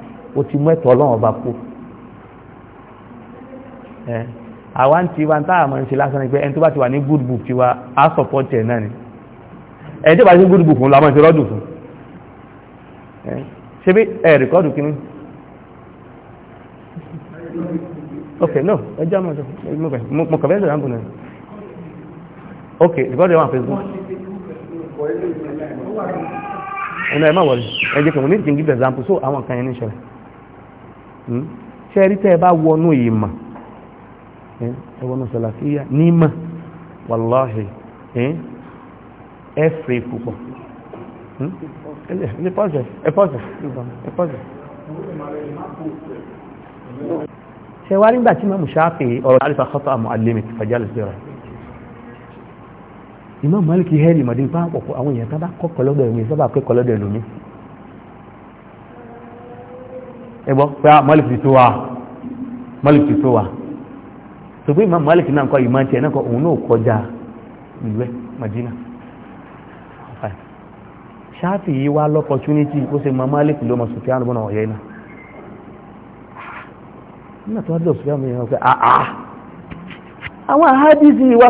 o ti mú ẹ̀tọ́ ọlọ́run ọba kú ẹ àwa ń tiwa ń táàmù ń ṣe lásán ni pé ẹni tó bá ti wà ní good book tiwa á sọ̀pọ̀ tẹ̀ náà ni ẹni tó bá ti good book fún la máa ṣe rọ́dù fún ẹ ṣé bí ẹ rìkọ́dù kínní ok no ẹ jẹ́ àmọ́ mo kàn fẹ́ lè ráńbù náà ok rìkọ́dù ẹ̀ wà Facebook ọ̀nà ẹ̀ má wọlé ẹ jẹ́ kí wọ́n ní ìjìngí example so àwọn kan yẹn ní ìṣẹ̀lẹ̀ Hmm? ṣe rí tẹ́ ẹ bá wọnú ìmọ̀ ẹ wọnú sàlàfíà nímọ̀ wàláhì ẹ fèrè púpọ̀ hmm? ẹ pọ́sẹ̀ ẹ pọ́sẹ̀ ẹ pọ́sẹ̀ ṣe wá nígbà tí mọ́mù ṣáàfì ọ̀rọ̀ àrífà kọ́tọ̀ àmọ́ alẹ́mì fàjálù sí ọ̀rọ̀ Imam Malik hẹ́rì mọ̀dé nípa àpọ̀pọ̀ àwọn èèyàn tábà kọ́ kọlọ́dọ̀ ìwé sábà pé kọlọ́dọ̀ ìlú mi ẹgbọ́ pé ah, malik ti tó wa malik ti tó wa ṣùgbọ́n ìmọ̀ malik náà kọ́ ìmọ̀ tiẹ̀ náà kọ́ òun náà kọjá ìlú ẹ̀ madina ṣáàfì yìí wá lọ́pọ̀túnítì ó ṣe mọ̀ malik ló mọ̀ sùfíàn ọ̀yẹ́ náà nígbà tó wá ah, ah. àwọn wa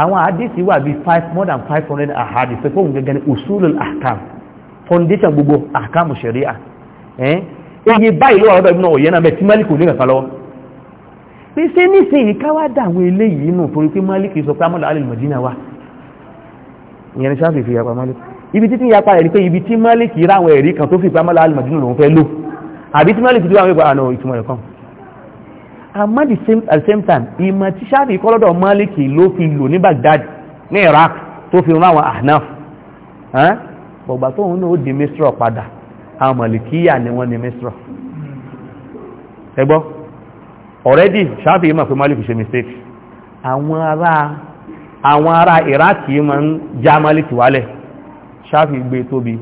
àwọn àdìsí wà bí five more than five hundred ahadis pé fóun gẹ́gẹ́ ní usulul ahkam foundation gbogbo ahkam sharia ẹ́n iye báyìí ló wà lọ́dọ̀ ìbínú òye náà bẹ́ẹ̀ tí malik ò ní kàkà lọ́wọ́ pé ṣé nísìnyí ká wá dà àwọn eléyìí nù torí pé malik sọ pé amọ́lá alẹ́ mọ̀dínà wa ìyẹn ni sáfì fi yapa malik ibi títí yapa rẹ̀ pé ibi tí malik ra àwọn ẹ̀rí kan tó fi pamọ́lá alẹ́ mọ̀dínà lòun fẹ́ lò àbí tí malik tó wà wípé àná ìtumọ̀ rẹ̀ kan àmọ́ the same at the same time ìmọ̀ tí sáfì kọ́lọ́dọ̀ Málíkì ló fi lò ní Baghdad ní Iraq tó fi rán àwọn Ahnaf bọ̀gbà tó ń ó di Misra padà àwọn Málíkíyà ni wọ́n ni Misra ẹgbọ́ already sáfì ìmọ̀ pé Málíkì ṣe mistake àwọn ará àwọn ará Iraq yìí máa ń já Málíkì wálẹ̀ sáfì gbé tóbi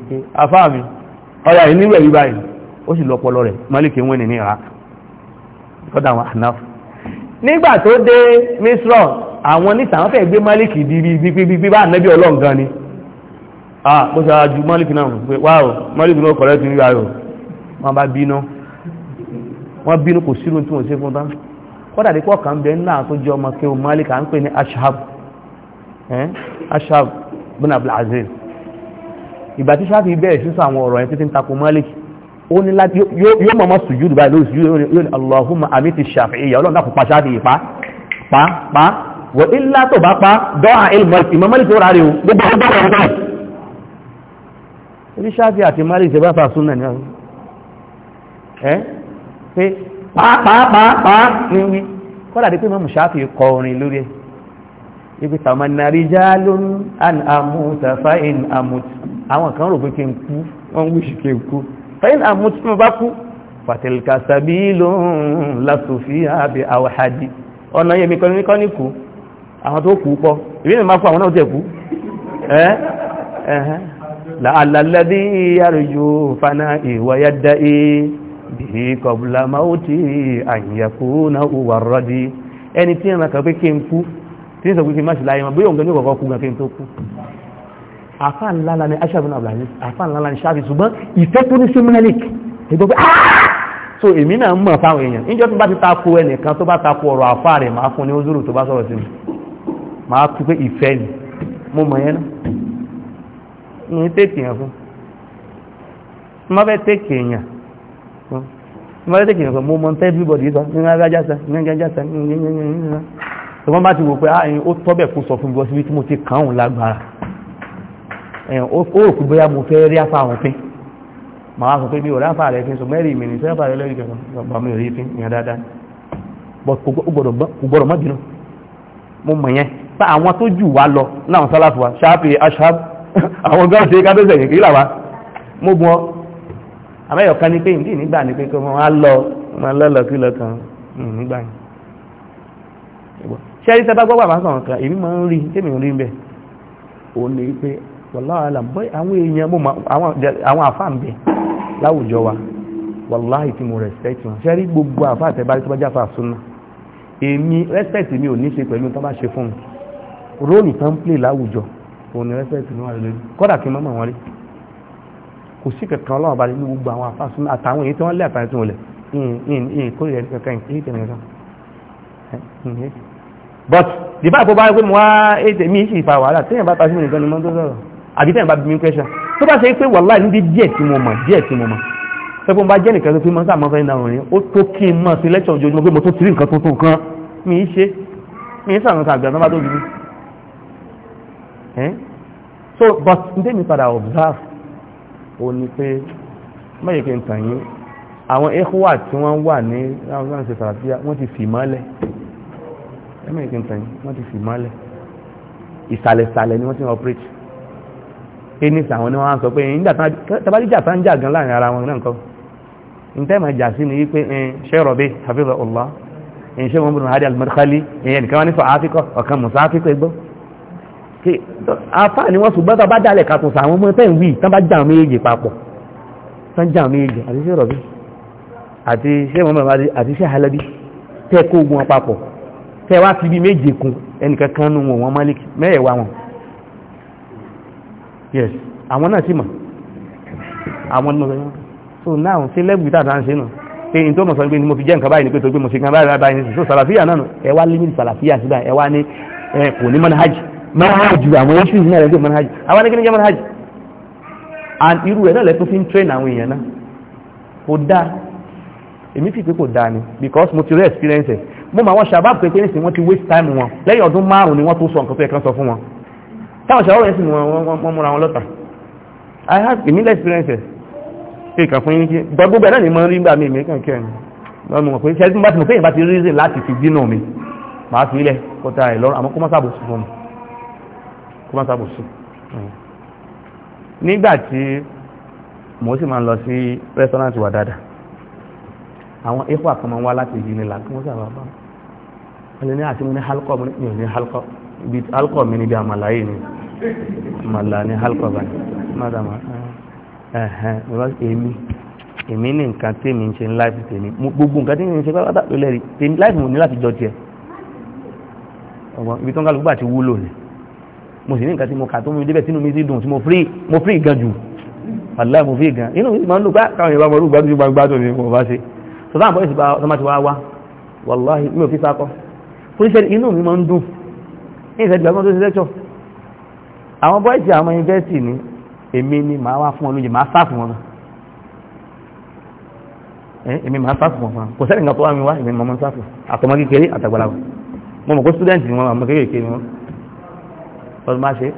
afáàmì ọ̀yà ìníwẹ̀ yìí báyìí ó sì lọ́pọlọ rẹ̀ Málíkì wọ́n ni ní Iraq lọ́dọ̀ àwọn Ahnaf nígbà tó dé misro àwọn níta wọ́n fẹ́ gbé Málíkì di gbígbé bá ànábì Ọlọ́run gan ni ah bó ṣáájú Málíkì náà pé wáò Málíkì náà kọ̀rẹ́ ti ríra rò wọ́n bá bínú wọ́n bínú kò sírun tí wọ́n ṣe fún tán kọ́dà dé pọ́ kàn bẹ́ náà tó jẹ́ ọmọ kí o Málíkì à ń pè ní Ashab Ashab bin Abdul Aziz ìgbà tí sáfì bẹ́ẹ̀ sísọ àwọn ọ̀rọ̀ ẹ̀ títí ń ó ní láti yóò mọ̀mọ́ sùjúdù báyìí lórí sùjúdù yóò ní allahumma àmì ti ṣàfihàn ọlọ́run náà kò pàṣá fi pa pa pa wọ ilá tó bá pa dọ́à ilmọ̀lì ìmọ̀mọ́lì tó ráre o gbogbo ọdọ́ ọ̀rọ̀ ọ̀rọ̀ ibi ṣáfi àti mali ṣe bá fà sún náà ẹ́ pé pàápàápàá ní wí kọ́lá dé pé mọ́mù ṣáfi kọ orin lórí ẹ̀ ibi tàmánà rí já lónìí àmúta fáìn àmúta àwọn kan rò pé kí n kú wọ́n wíṣì kí n kú fẹ́yìn àmú tí mo bá kú fàtẹ̀lìkà sàbí lóhun lásòfí àbí àwòhàdì ọ̀nà yẹmi kọ́ni kọ́ ní kú àwọn tó kú pọ̀ ìwé ni máa kú àwọn náà tẹ̀ kú ẹ́ ẹ̀hẹ́ làálàlẹ́dí àrùjù fana ìwáyádá ẹ́ bí kọ̀bùlà máa ti àyẹ̀kú náà wà rọ́dí ẹni tí ẹ̀ràn kan kí n kú tí ń sọ pé kí n má ṣe láyé wọn bí òun gẹ́gẹ́ àfà ńlá la ni aṣáàbí náà abdulhamid àfà ńlá la ni ṣáàbí ṣùgbọ́n ìfẹ́ tó ní sí malik ẹgbẹ́ pé ah! so èmi náà ń mọ̀ fáwọn èèyàn níjọ́ tó bá ti tako ẹnìkan tó bá tako ọ̀rọ̀ àfà rẹ̀ máa fún ní ozuru tó bá sọ̀rọ̀ sí mi máa kú pé ìfẹ́ ni mo mọ̀ yẹn náà ní tètè yẹn fún mo fẹ́ tètè yẹn fún mo fẹ́ tètè yẹn fún mo mọ̀ tẹ́ everybody sọ ní agájá sẹ ní agájá sẹ ní agájá sẹ tó wọ́n bá ti wò pé ah, ó tọ́bẹ̀ kó sọ fún mi bọ́ síbi tí mo ti kàn án lágbára ó rò pé bóyá mo fẹ́ rí afá àwọn pín màá sọ pé bí ọ̀rẹ́ afá rẹ̀ fi sọ mẹ́rin mi ní sẹ́yìn afá rẹ̀ lẹ́yìn kẹsàn ọgbà mi ò rí fín ìyẹn dáadáa but kò gbọdọ̀ má bínú mo mọ̀ yẹn pa àwọn tó jù wá lọ láwọn sálàfù wa ṣáàpì ashab <laughs> àwọn gan ṣe kábẹ́sẹ̀ yìí kílà wa mo gun ọ àmẹ́yọ̀ kan ní pé ìdí nígbà ní pé kí á lọ máa wàláhì àlàm bọ́ àwọn èèyàn mọ́ àwọn àfáà ń bẹ láwùjọ wa wàláhì tí mo respect wọn ṣe rí gbogbo àfáà tẹ́bárí tó bá jáfà súnà èmi respect mi ò ní ṣe pẹ̀lú tó bá ṣe fún mi róòlù tó ń play láwùjọ òun ni respect ní wà lórí kọ́dà kí n mọ́mọ́ wọn rí kò sí kankan ọlọ́run bá lè ní gbogbo àwọn àfáà súnà àtàwọn èyí tí wọ́n lé àtàwọn tí wọ́n lẹ̀ ìkórìíra ẹni kankan èyí tẹ̀lé kankan but the bible bá rí pé mo wá èyí tẹ̀mí ìṣì ìfà wàhálà téèyàn bá ta sí àbí tẹ́yìn bá bí mi question tó bá ṣe pé wàláì níbi díẹ̀ tí mo mọ̀ díẹ̀ tí mo mọ̀ fẹ́fún bá jẹ́ nìkan tó fi mọ́ sáà mọ́ fẹ́ náà rìn ó tó kí n mọ̀ sí lẹ́kṣọ̀ ojoojúmọ́ pé mo tó tìrí nǹkan tuntun kan mi í ṣe mi í sàrùn sàgbà tó bá tó gidi so but n tẹ́mi padà observe ó ní pé mẹ́yẹ kí n tàn yín àwọn ehuwa tí wọ́n wà ní láwọn sáà ń ṣe sàràfíà wọ́n ti fì mọ́lẹ̀ mẹ́yẹ kí n tàn yín wọ́n ti fì mọ́lẹ̀ ìsàlẹ̀sàlẹ̀ ni wọ́n ti ń operate enis àwọn ni wọ́n sọ pé tàbájíjà tán jà gan láàrin ara wọn náà kọ́ ìtẹ́mà jà sí ni wípé eh, ṣe rọ̀bí hafiza Allah eh, in ṣe mọ́bùn hadi al-madkhali ìyẹn nìkan wọ́n ní sọ áfíkọ́ ọ̀kan musa áfíkọ́ igbó afá ni wọ́n ṣùgbọ́n tàbá dálẹ̀ kàtùn sí àwọn ọmọ tẹ́ ń wí tán bá jà méjì papọ̀ tán jà méjì àti ṣe rọ̀bí àti ṣe mọ́bùn hadi àti ṣe tẹ́ kó ogun papọ̀ tẹ́ wá fi bí méje kun ẹnìkan nù wọn mọ́lík mẹ́ẹ̀wá wọn yes àwọn náà sì mọ̀ àwọn ni mo sọ so now ṣe lẹ́gbù tá à ń ṣe nù pé n tó mọ̀ sọ pé ni mo fi jẹ́ nǹkan báyìí ni pé tó gbé mo ṣe nǹkan báyìí báyìí so sàlàfíà náà nù ẹ wá límìtì sàlàfíà síbà ẹ wá ní kò ní manhaj manhaj àwọn oṣù yìí náà lẹ́gbẹ̀ẹ́ manhaj àwọn ní kí ni jẹ́ manhaj and irú ẹ̀ náà lẹ́tún fi ń train àwọn èèyàn náà kò dáa èmi fi pé kò dáa ni because mo ti rí experience mo mọ àwọn shabab pé pé nísìnyí wọ́n ti waste time wọn lẹ́yìn ọdún márùn-ún ni wọ́n tó sọ nǹkan tó yẹ kán sọ fún wọn táwọn ṣàwọ́ yẹn sì múra wọn lọ́ta i had similar experiences ṣe kàn fún yín gbogbo ẹ̀nà ni mo rí gbà mí èmi kàn kẹrin lọ́nà mọ̀ pé ṣe tí mo bá ti mọ̀ pé èyí ti rí reason láti fi dínà mi màá fi ilẹ̀ kọta ẹ̀ lọ́rùn àmọ́ kó má sábò sùn fún mi kó má sábò sùn nígbà tí mo sì máa ń lọ sí restaurant wa dáadáa àwọn ikú àkànmọ́ wá láti yìí nílà kí wọ́n sábà bá wọn lè ní àti mo ní halkọ́ mo ní halkọ́ ibi halkọ̀ mi níbi àmàlàyé ni àmàlà ní halkọ̀ eh, eh, eh, bá ní mádàmà ẹ̀hẹ́n èmi èmi ní nǹkan tèmi ń ṣe ní láìpù tèmi gbogbo nǹkan tèmi ń ṣe pátá ló lẹ́rí tèmi láìpù mo ní láti jọ tiẹ̀ ọgbọ́n ibi tó ń kálukú bá ti wúlò ni mo sì ní nǹkan tí mo kà tó mi débẹ̀ sínú mi sí dùn tí mo fírí mo fírí gan jù wàlá mo fírí gan inú mi máa ń lò pé ah, káwọn ìbámu ọdún gbádùn gbádùn ni mo bá ṣe sọ̀tàn àbọ̀ ìsìnkú ọmọ ti wá wá wàláhì mi ò fi sákọ̀ fúnṣẹ́ inú mi máa ń dùn ní ìṣẹ́gbẹ̀gbọ́n tó ṣe lẹ́kṣọ̀ àwọn bọ́ìsì àwọn yunifásitì ni èmi ni màá wá fún olóyè màá sáà fún wọn èmi màá sáà fún wọn kò sẹ́ni nǹkan tó wà mí wá èmi màá sáà fún àtọmọ kékeré àtàgbàlagbà mo mọ̀ kó stúdẹ̀ntì ni wọn àmọ́ kékeré ni wọn lọ́dún má ṣe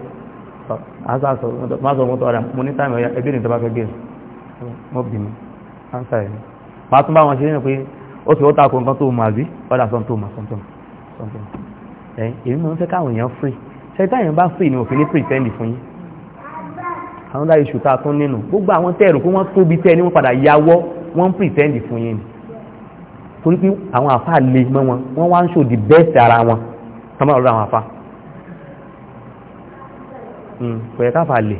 má sọ fún tọ́ra mo ní táìmì ọ̀yà ẹbí ni tọ́ba fẹ́ gbé mo bì mí ánsà ẹ̀ màá tún bá wọn ṣe nínú pé ó ti wọ́n ta nǹkan tó mọ̀ àbí ọ̀dà sọ́ńtò mọ̀ sọ́ńtò mọ̀ sọ́ńtò mọ̀ èmi mọ̀ ń fẹ́ káwọn èèyàn free ṣẹ́tà èèyàn bá free ni òfin ní pretend fún yín àwọn láyé ṣùtà tún nínú gbogbo àwọn tẹ́ẹ̀rù pé wọ́n tóbi tẹ́ẹ̀ ní wọ́n padà yáwọ́ wọ́n pretend fún yín ni torí pé àwọn àfa lè mọ́ wọn wọ́n wá ń show the best ara wọn tọ́mọ́ ọ̀rọ̀ àwọn àfa hmm, kò yẹ káfà lè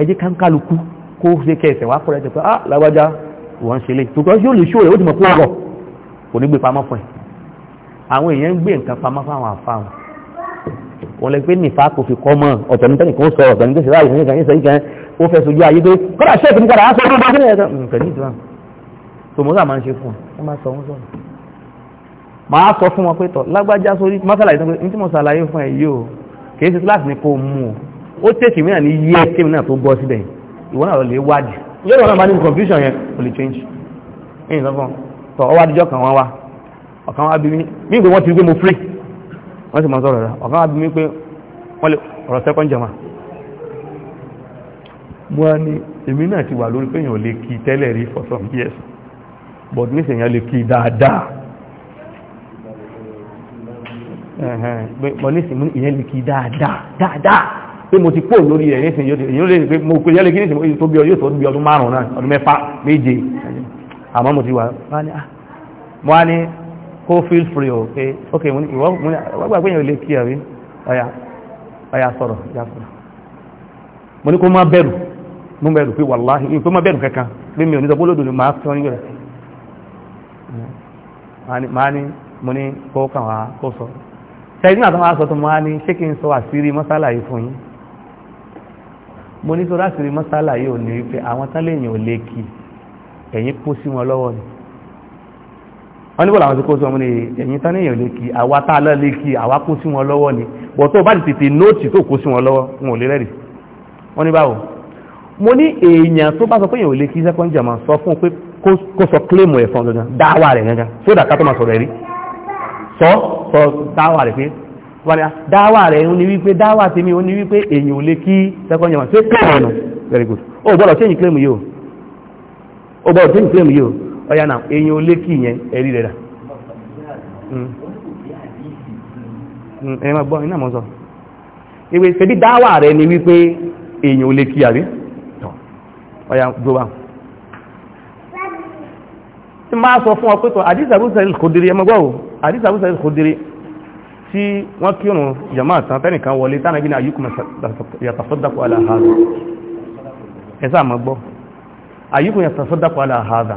ẹ jẹ́ kánkáluku kó ṣe kẹsẹ̀ wá kọ́ra ẹ̀ tẹ̀ pé ah lágbájá wọ́n ṣe lè tó kọ́ yóò lè ṣó rẹ̀ ó ti mọ̀ kó rọ̀ kò ní gbé pamọ́ fún ẹ̀ àwọn èèyàn ń gbé nǹkan pamọ́ fáwọn àfáwọn wọ́n lè pé nìfà kò fi kọ́ mọ́ ọ̀tọ̀ ní tẹ́nìkan sọ ọ̀tọ̀ ní tẹ́síwájú ní ìkànnì sẹ́yìn kan ó fẹ́ sojú ayé pé kọ́dà ṣẹ́ẹ̀kì ní kọ́dà á sọ ọdún bọ́ọ̀dún ẹ̀ka nǹkan ní ìtura tòmọ́sà máa ń ṣe fún wọn máa sọ wọn sọ̀rọ̀ máa sọ fún wọn pé tọ̀ lágbájá sórí mọ́sálà ìtàn pé ní tí mo ṣàlàyé fún ẹ yìí o kì í ṣe kíláàsì ni kò mú o ó tètè mí náà ní yí ẹ kémi náà tó gbọ́ síbẹ̀ ìwọ náà lè wájú yóò náà bá ní confusion yẹn kò lè change ẹ̀yìn sọ fún ọ tọ̀ ọwọ́ adijọ́ kan wọ́n wá ọ̀kan wá bí mi ní ìgbé wọ́n ti gbé mo free wọ́n sì máa sọ̀rọ̀ rẹ̀ ọ̀kan wá bí mi pé wọ́n lè ọ̀rọ̀ second jama mo wá ní èmi náà ti wà lórí pé èèyàn lè kí tẹ́lẹ̀ rí for some years but ní sèyàn lè kí dáadáa but ní sèyàn ìyẹn lè kí dáadáa dáadáa pé mo ti pò lórí rẹ̀ nísìn yóò lè pé mo pèyàn lè kí nísìn tó bí yóò tó bí ọdún márùn-ún náà ọdún mẹ́fà méje àmọ́ mo ti wà mo wá ní ah, kó feel free o pé ok ìwọ́n gbà pé èèyàn lè kí ẹ̀rí ọ̀yà ọ̀yà sọ̀rọ̀ ọ̀yà sọ̀rọ̀ mo ní kó má bẹ̀rù mo bẹ̀rù pé wàláhì ní pé má bẹ̀rù kankan pé mi ò ní sọ bólódò ni màá sọ nígbẹ̀rẹ̀ màá ní mo ní kó kàn wá kó sọ sẹ́yìn nígbà tó máa sọ tó máa ní ṣé kí n sọ àṣírí mọ́sálà yìí fún yín mo ní sọ láṣírí mọ́sálà yìí ò ní wípé àwọn tán ò lè kí ẹ̀yìn kó sí wọn lọ́wọ́ ni wọ́n níbọ̀ làwọn ti kó sí ọmọ ní ẹ̀yìn tán níyàn lè kí àwa tá lọ́ lè kí àwa kó sí wọn lọ́wọ́ ni bọ̀ tó bá ti tètè nóòtì tó kó sí wọn lọ́wọ́ wọn ò lè rẹ́rì wọ́n ní báwo mo ní èèyàn tó bá sọ pé èèyàn ò lè kí sẹ́kọ́ńdì àmọ́ sọ fún un pé kó sọ very good ó gbọ́dọ̀ change kílèmù yìí ó gbọ́dọ̀ change kílèmù yìí ọ̀yá náà èyàn olékì yẹn ẹ̀rí rẹ̀ rà hmm. hmm, ẹ̀rọ gbọ́ iná mọ́ sọ ìwé ìṣẹ́bí dáwà rẹ̀ ni wípé èyàn olékì àrí ọ̀yá gbọ́wà tí máa sọ fún ọpẹ́tọ̀ àdísàbúsẹ̀lì kòdìrí ẹmọgbọ́ àdísàbúsẹ̀lì kòdìrí tí wọ́n kírun jama tán tẹ́nìkan wọlé tánàbí ní àyíkùn yàtàfọ́dàpọ̀ aláhàdà ẹ̀sà mọ́gbọ́ àyíkùn yàtàfọ́dàpọ̀ aláhàdà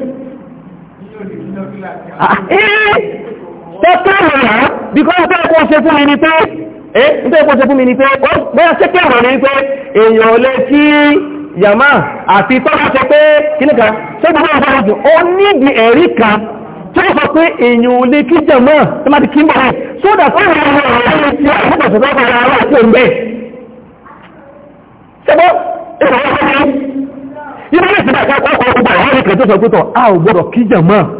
tẹ́kẹ̀rọ̀ náà bí kọ́ tẹ́ kó ṣe fún mi ní pé ẹ́ tẹ́ kó ṣe fún mi ní pé bóyá tẹ́kẹ̀rọ̀ ní pé èèyàn lè kí yàmá àti tọ́lá sọ pé kíníkà ṣé gbogbo ọ̀pọ̀ ọ̀dùn ó níbi ẹ̀rí kan tó sọ pé èèyàn ò lè kí jàmá tó má ti kí mọ̀ rẹ̀ sódà tó rẹ̀ rẹ̀ rẹ̀ rẹ̀ ti àkókò tó bá bàrà ara àti òǹbẹ̀ ṣẹ́gbọ́ ìrọ̀lẹ́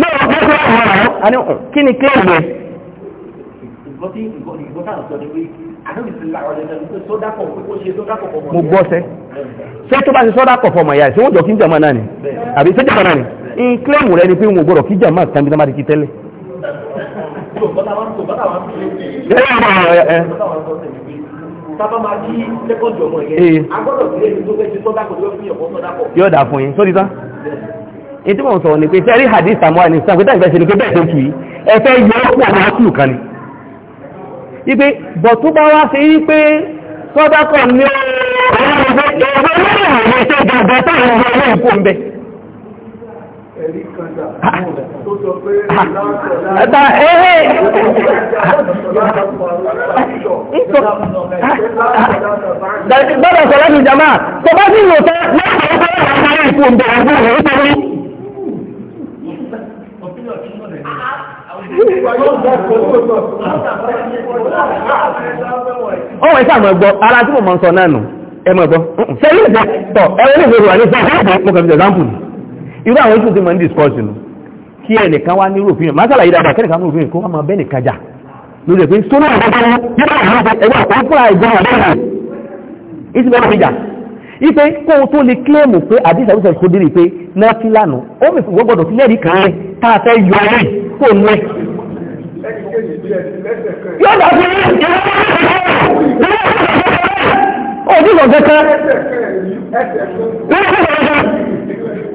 náà wọ́n fẹ́ fẹ́ àwọn àwọn àní kí ni kí èèyàn. mo gbọ́ sẹ́ ṣé tó bá ṣe sọ́dá kọ̀ fọmọ ìyá ẹ̀ ṣé wọ́n jọ kí jàmá náà ni àbí ṣé jàmá náà ni n kílẹ̀mù rẹ ni pé wọn gbọ́dọ̀ kí jàmá kan bí wọ́n bá ti kí tẹ́lẹ̀. yóò dà fún yín sódì tán ètí mọ̀ sọ̀rọ̀ ní pé fẹ́ rí hadith àmọ́ àní sáà pẹ́tà ìfẹ́ ṣe ní pé bẹ́ẹ̀ tó tù yí ẹ̀fẹ́ yọ ọ́pọ̀ àwọn akú kan ni ipe bọ̀ tó bá wá sí yí pé sọ́dákọ̀ ní Gbọ́dọ̀ sọ̀rọ̀ ìjàmá, tó bá sí ìlò tẹ́ lọ́pàá ìpò ìbẹ̀rẹ̀ ìpò ìrẹ̀ ìpò ìrẹ̀ ọwọ́ oh, ẹ̀sà mọ̀ ẹgbọ́ ara tí mo mọ̀ sọ náà nù ẹmọ̀ ẹgbọ́ sẹ́yìn ẹ̀sẹ̀ tọ̀ ẹwọ́n ní ìgbèrò wà ní sáà mo kàn fi ẹ̀sáǹpù nù irú àwọn ìṣòtí mọ̀ ní discourse nù kí ẹnìkan wá ní rúfin mọ́sálà yìí dáadáa kẹ́nìkan ní rúfin kó wá máa bẹ́ nìkan jà lórí ẹ̀ pé sọ́nà àgbàgbà ipe kó o tó lè kílẹ̀mù pé àdìsàwùsà ìkódìrí pé náà fílànà ó mẹ́fì wọ́gbọ́dọ̀ sílẹ̀ rí kan rẹ̀ tá a fẹ́ yọ ẹ̀rìn kò mú ẹ. yóò lọ sí ilé ojú kan kankan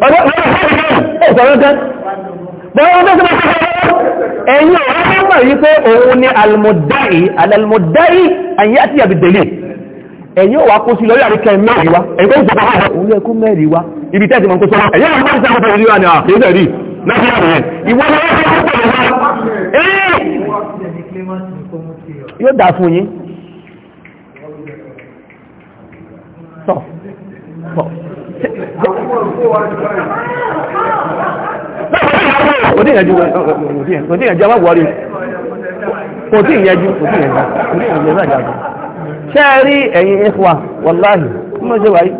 ọ̀dọ́ ọ̀sán kankan bọ́lá ọdún tó máa kọ́kọ́ ẹ̀yìn ọ̀rọ̀ tó mọ̀ yí pé òun ni almudai alalmudai àyí àti àbìdèlè ẹ̀yìn ọ̀wà kó sí lórí àríkẹ́ mẹ́rin wá ẹ̀yìn kó sọ lọ́sí àwọn yẹn ìwọ ni wọ́n fi kú pẹ̀lú wa. yóò dà fún yín. sọ sọ. kò tí ì yẹjú kò tí ì yẹjú amáwọ̀ rí kò tí ì yẹjú kò tí ì yẹjú kò tí ì yẹjú àjà àjà. ṣé ẹ rí ẹ̀yin ẹ̀fọ́ wàláhì mo ṣe wáyé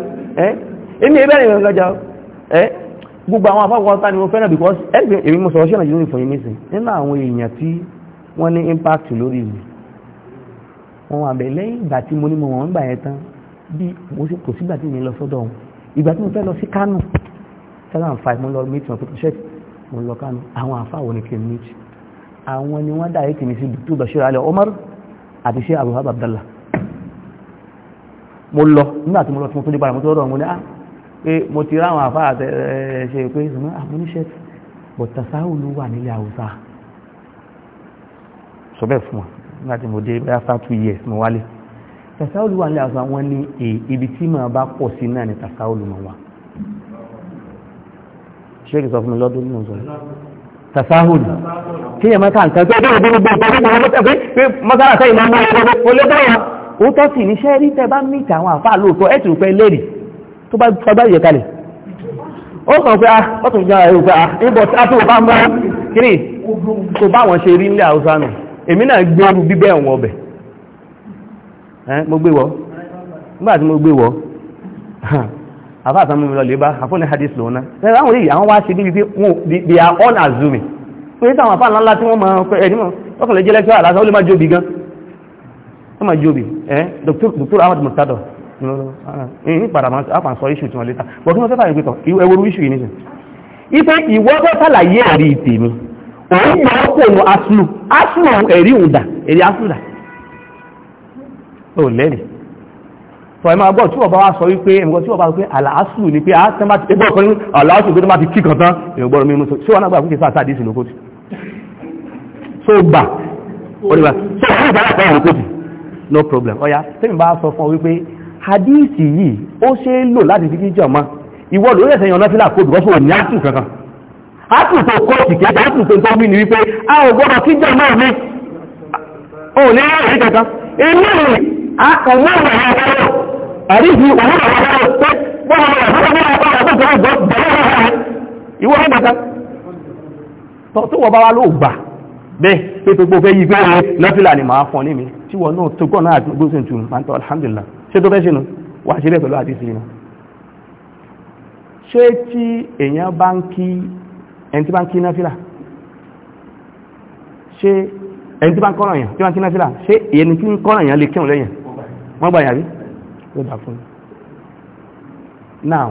ẹ̀ ẹ̀mí ẹ̀ bẹ́ẹ̀ ni mo ń gajà ẹ̀ gbogbo àwọn afọ́gbọ́ta ni mo fẹ́ràn because ẹgbẹ́ èmi mo sọ̀rọ̀ ṣẹ́nà jùlọ ìfọ̀yín nísìn nínú àwọn èèyàn tí wọ́n ní impact lórí mi wọ́n wà bẹ̀ lẹ́yìn ìgbà tí mo ní mo wọ́n gbà yẹn tán bí mo sì kò sígbà tí mi lọ sọ́dọ̀ wọn ìgbà tí mo fẹ́ lọ sí Kánò seven and five mo lọ meet my photo shirt mo lọ Kánò àwọn afáwo ni kí n meet àwọn ni wọ́n dàrí kì mí sí tó Bashir Ali Omar àti ṣe Abu Habab Abdallah mo lọ nígbà tí mo lọ tí mo tún dé padà mo tún lọ́dọ̀ wọn ni ah pé mo ti ráwọn àfáà ṣe pé ìsìnkú àmúníṣẹ́ bọ̀tàsáhù ló wà nílẹ̀ haúsá sọ bẹ́ẹ̀ fún wa nígbà tí mo dé after two years mo wálé tàsáhù ló wà nílẹ̀ haúsá wọ́n ní ibi tí màá bá pọ̀ sí náà ni tàsáhù ló máa wà ṣé kì sọ fún mi lọ́dún nínú sọ̀rọ̀ tasahul kí yẹ mọ́ta nǹkan tó dúró dúró gbogbo ọdún ọdún tẹ́ pé mọ́sára sẹ́yìn máa ń mọ́ ọdún olóbáyà ó tọ́ sí ní ṣẹ́rí tẹ́ bá mìtà àwọn àfáà lóòótọ́ ẹ̀tùrùpẹ́ lẹ́rìí tó bá fagbá ìyẹ̀ kalẹ̀ ó sọ pé ah wọ́n tún jára ẹ̀rọ pé ah níbọ̀ tí a tó bá ń bá kiri tó bá wọn ṣe rí nílẹ̀ haúsá nù èmi náà gbé ẹrù bíbẹ́ ẹ̀wọ̀n ọbẹ̀ mo gbé wọ́ nígbà tí mo gbé wọ́ <laughs> àfáàtà mú mi lọ lè bá àfóní hadith lòun náà ẹ̀rọ àwọn èyí àwọn wá ṣe níbi pé they are all assuming pé táwọn àfáà ńlá tí wọ́n máa fẹ́ ẹni mọ́ ọkùnrin jẹ́ lẹ́kọ́ àlásà ó lè má jóbi gan ó má jóbi ẹ́ Dr. Ahmad Murtado ní padà máa sọ iṣu tí wọ́n létà bọ̀ kí wọ́n sẹ́fà ìgbẹ́tọ̀ ẹwọ́rú iṣu yìí nìsìn ipe ìwọ́ tó sàlàyé ẹ̀rí ìtèmi òun máa kò nù aslu aslu ẹ̀rí òdà ẹ̀rí aslu dà ó lẹ́rì tọ́ ẹ máa gbọ́ tí ọba wa sọ wípé ẹ̀mọ́ tí ọba wípé àlàásù ni pé ẹgbẹ́ ọkọ̀ nínú àlàásù tó máa fi kí kan tán ìrògbọ́rọ̀ mímú sí wọn àgbà fúnkẹ́ sáà sáà dìísì lókòtì so gbà onígbà so ọ̀rọ̀ ìgbà láti ọ̀rọ̀ lókòtì no problem ọ̀yá tẹ́mi bá sọ fún ọ wípé hadisi yìí ó ṣe é lò láti fi kíjọ mọ́ ìwọ ló rẹ̀ sẹ́yìn ọ̀nàfílà kó dùbọ́ fún òní àtù kankan àtù tó kọ́ ìkẹ́ àtù tó ń tọ́ mí ni wípé a ò gbọ́dọ̀ kíjọ mọ́ mi ò ní àrí kankan inú rẹ̀ ọmọ rẹ̀ ọ̀rọ̀ àrífi òun rẹ̀ ọ̀rọ̀ pé bọ́ọ̀ rẹ̀ ọ̀rọ̀ bẹ́ẹ̀ pé gbogbo fẹ́ yí gbé rẹ̀ lọ́fílà ni màá fọ́ ní mi tí wọ́n náà tó gbọ́n náà àti gbóṣùn tún pàtó alhamdulillah ṣe tó fẹ́ ṣe nù wà ṣe bẹ́ẹ̀ pẹ̀lú àdísì yìí ṣé tí èèyàn bá ń kí ẹni tí bá ń kí náfílà ṣé ẹni tí bá ń kọ́rọ̀ yàn tí bá ń kí náfílà ṣé èyí tí ń kọ́rọ̀ yàn lè kírun lẹ́yìn wọ́n gbà yàrí ó dà fún náà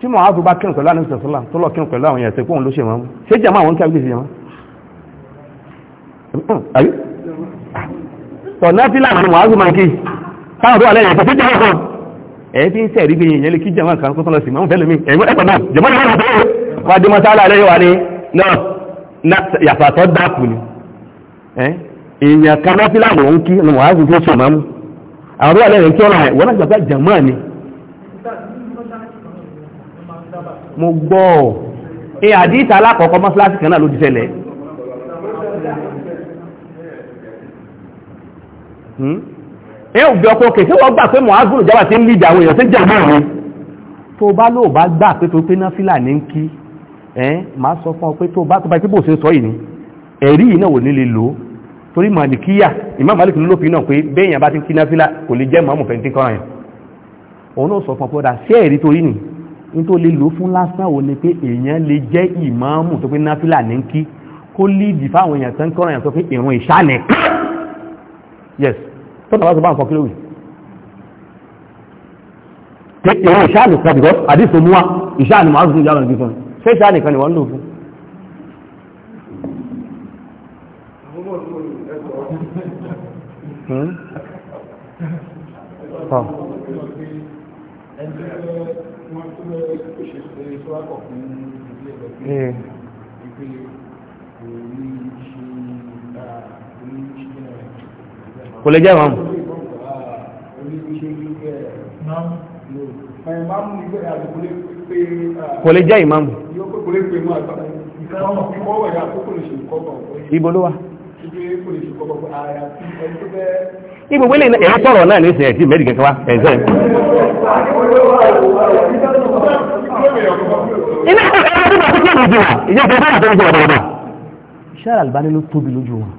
tí mo àádọ́ bá kírun pẹ̀lú àwọn ìṣẹ̀lẹ̀ sọ́lá tó lọ kírun pẹ̀lú àwọn ìyàtẹ̀ kóhun ló ṣe wọn ṣé jàmá àwọn kí àgbèsè yàn táwọn tó wà lẹ́yìn ìpèsè jẹ́ kan ẹ̀yìn tí ń sẹ̀rí bí èèyàn lè kí jẹ́mọ́ kan kó tán lọ sí máa ń fẹ́lẹ̀ mi ẹ̀yìn ẹ̀pọ̀ náà jẹ́mọ́ náà tó wọ́n wá dé mọ́sálà lẹ́yìn wà ní náà yàtọ̀ dáàpù ni èèyàn kan náà sí láàmù òun kí ọmọ wàá fún fún mọ́mú àwọn tó wà lẹ́yìn kí ọ̀rọ̀ wọ́n láti gbàgbá jẹ́mọ́ ni mo gbọ́ ẹ̀ àdíta alákọ̀ọ́kọ́ mọ́sálásì kan náà ló ti ṣẹlẹ̀ Hmm? ẹ ò bí ọkọ̀ kèké wọ́n gbà pé mọ̀hágùn ìjábà tí ń lì ìjà àwọn èèyàn tí ń jà náà ni tó bá lóò bá gbà pé tó pé náà fílà ní ń kí ẹ máa sọ fún ọ pé tó bá tó bá kíbò ṣe sọ yìí ni ẹ̀rí yìí wò ní lè lò torí màlìkíyà Imam Malik ló fi náà pé béèyàn bá ti ń kí náà fílà kò lè jẹ́ mọ́mù fẹ́ntì kan yẹn òun náà sọ fún ọ pé ọ̀dà sí ẹ̀rí torí nì ní tó lè lò fún lásán wo ni pé èèyàn lè jẹ́ ìmáàmù tó pé náà fílà ní ń kí yes tó tàbá tó bá nǹkan kí ló wì ìwọ ìṣáà nìkan bìkọ́ àdìsọ mú wa ìṣáà ni màá fún ìyá ọ̀nà ìgbìkan ṣé ìṣáà nìkan ni wọ́n ń lò fún. Hmm? kò lè jẹ́ ìmáàmù. kò lè jẹ́ ìmáàmù. ibo ló wà. ibo wílé ẹ̀rọ tọrọ náà ní ìsìn ẹ̀tí mẹ́rin kẹkẹ wá ẹ̀sẹ̀. iná ìjọba tó kí ẹ̀rọ jù wá ìjọba tó kí ẹ̀rọ jù wá. iṣẹ́ àlùbáni ló tóbi lójú wọn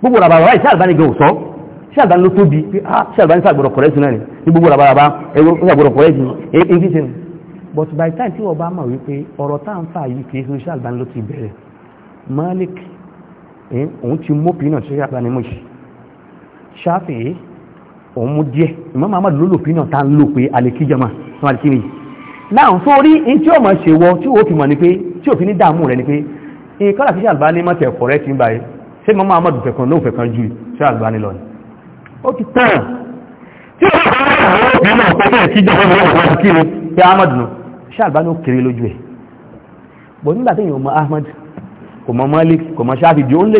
gbogbo rabaraba iṣẹ́ àlùbáni gan òsọ́ iṣẹ́ àlùbáni ló tóbi pé ah iṣẹ́ àlùbáni sàgbọ̀dọ̀ kọ̀rẹ́ sí náà ni ní gbogbo rabaraba ẹgbẹ́ sàgbọ̀dọ̀ kọ̀rẹ́ sí ní kí ṣe but by time tí wọ́n Malik eh, òun ti mú pinna ṣe àlùbáni mú ṣe Shafi'i òun mú díẹ̀ Imam Ahmad ló lò pinna tá ń lò pé alekijama fún alikini náà sórí in tí ó mọ̀ ṣe wọ tí ó ti mọ̀ ni pé tí òfin ní dààmú rẹ̀ ni pé ìkọ́lá ti ń báyìí ṣe mọ́mọ́ amọ́dù fẹ̀kan ló fẹ̀kan ju ṣe àgbáni lọ ni ó ti tán tí ó bá rẹ̀ àwọn obìnrin náà pẹ̀lú ẹ̀kí jẹ́ ọmọ ìwọ̀n àti kiri pé ahmad nù ṣe àgbáni ó kéré lójú ẹ̀ bọ̀ nígbà tí èèyàn mọ ahmad kò mọ malik kò mọ ṣáàfi di ó ń lé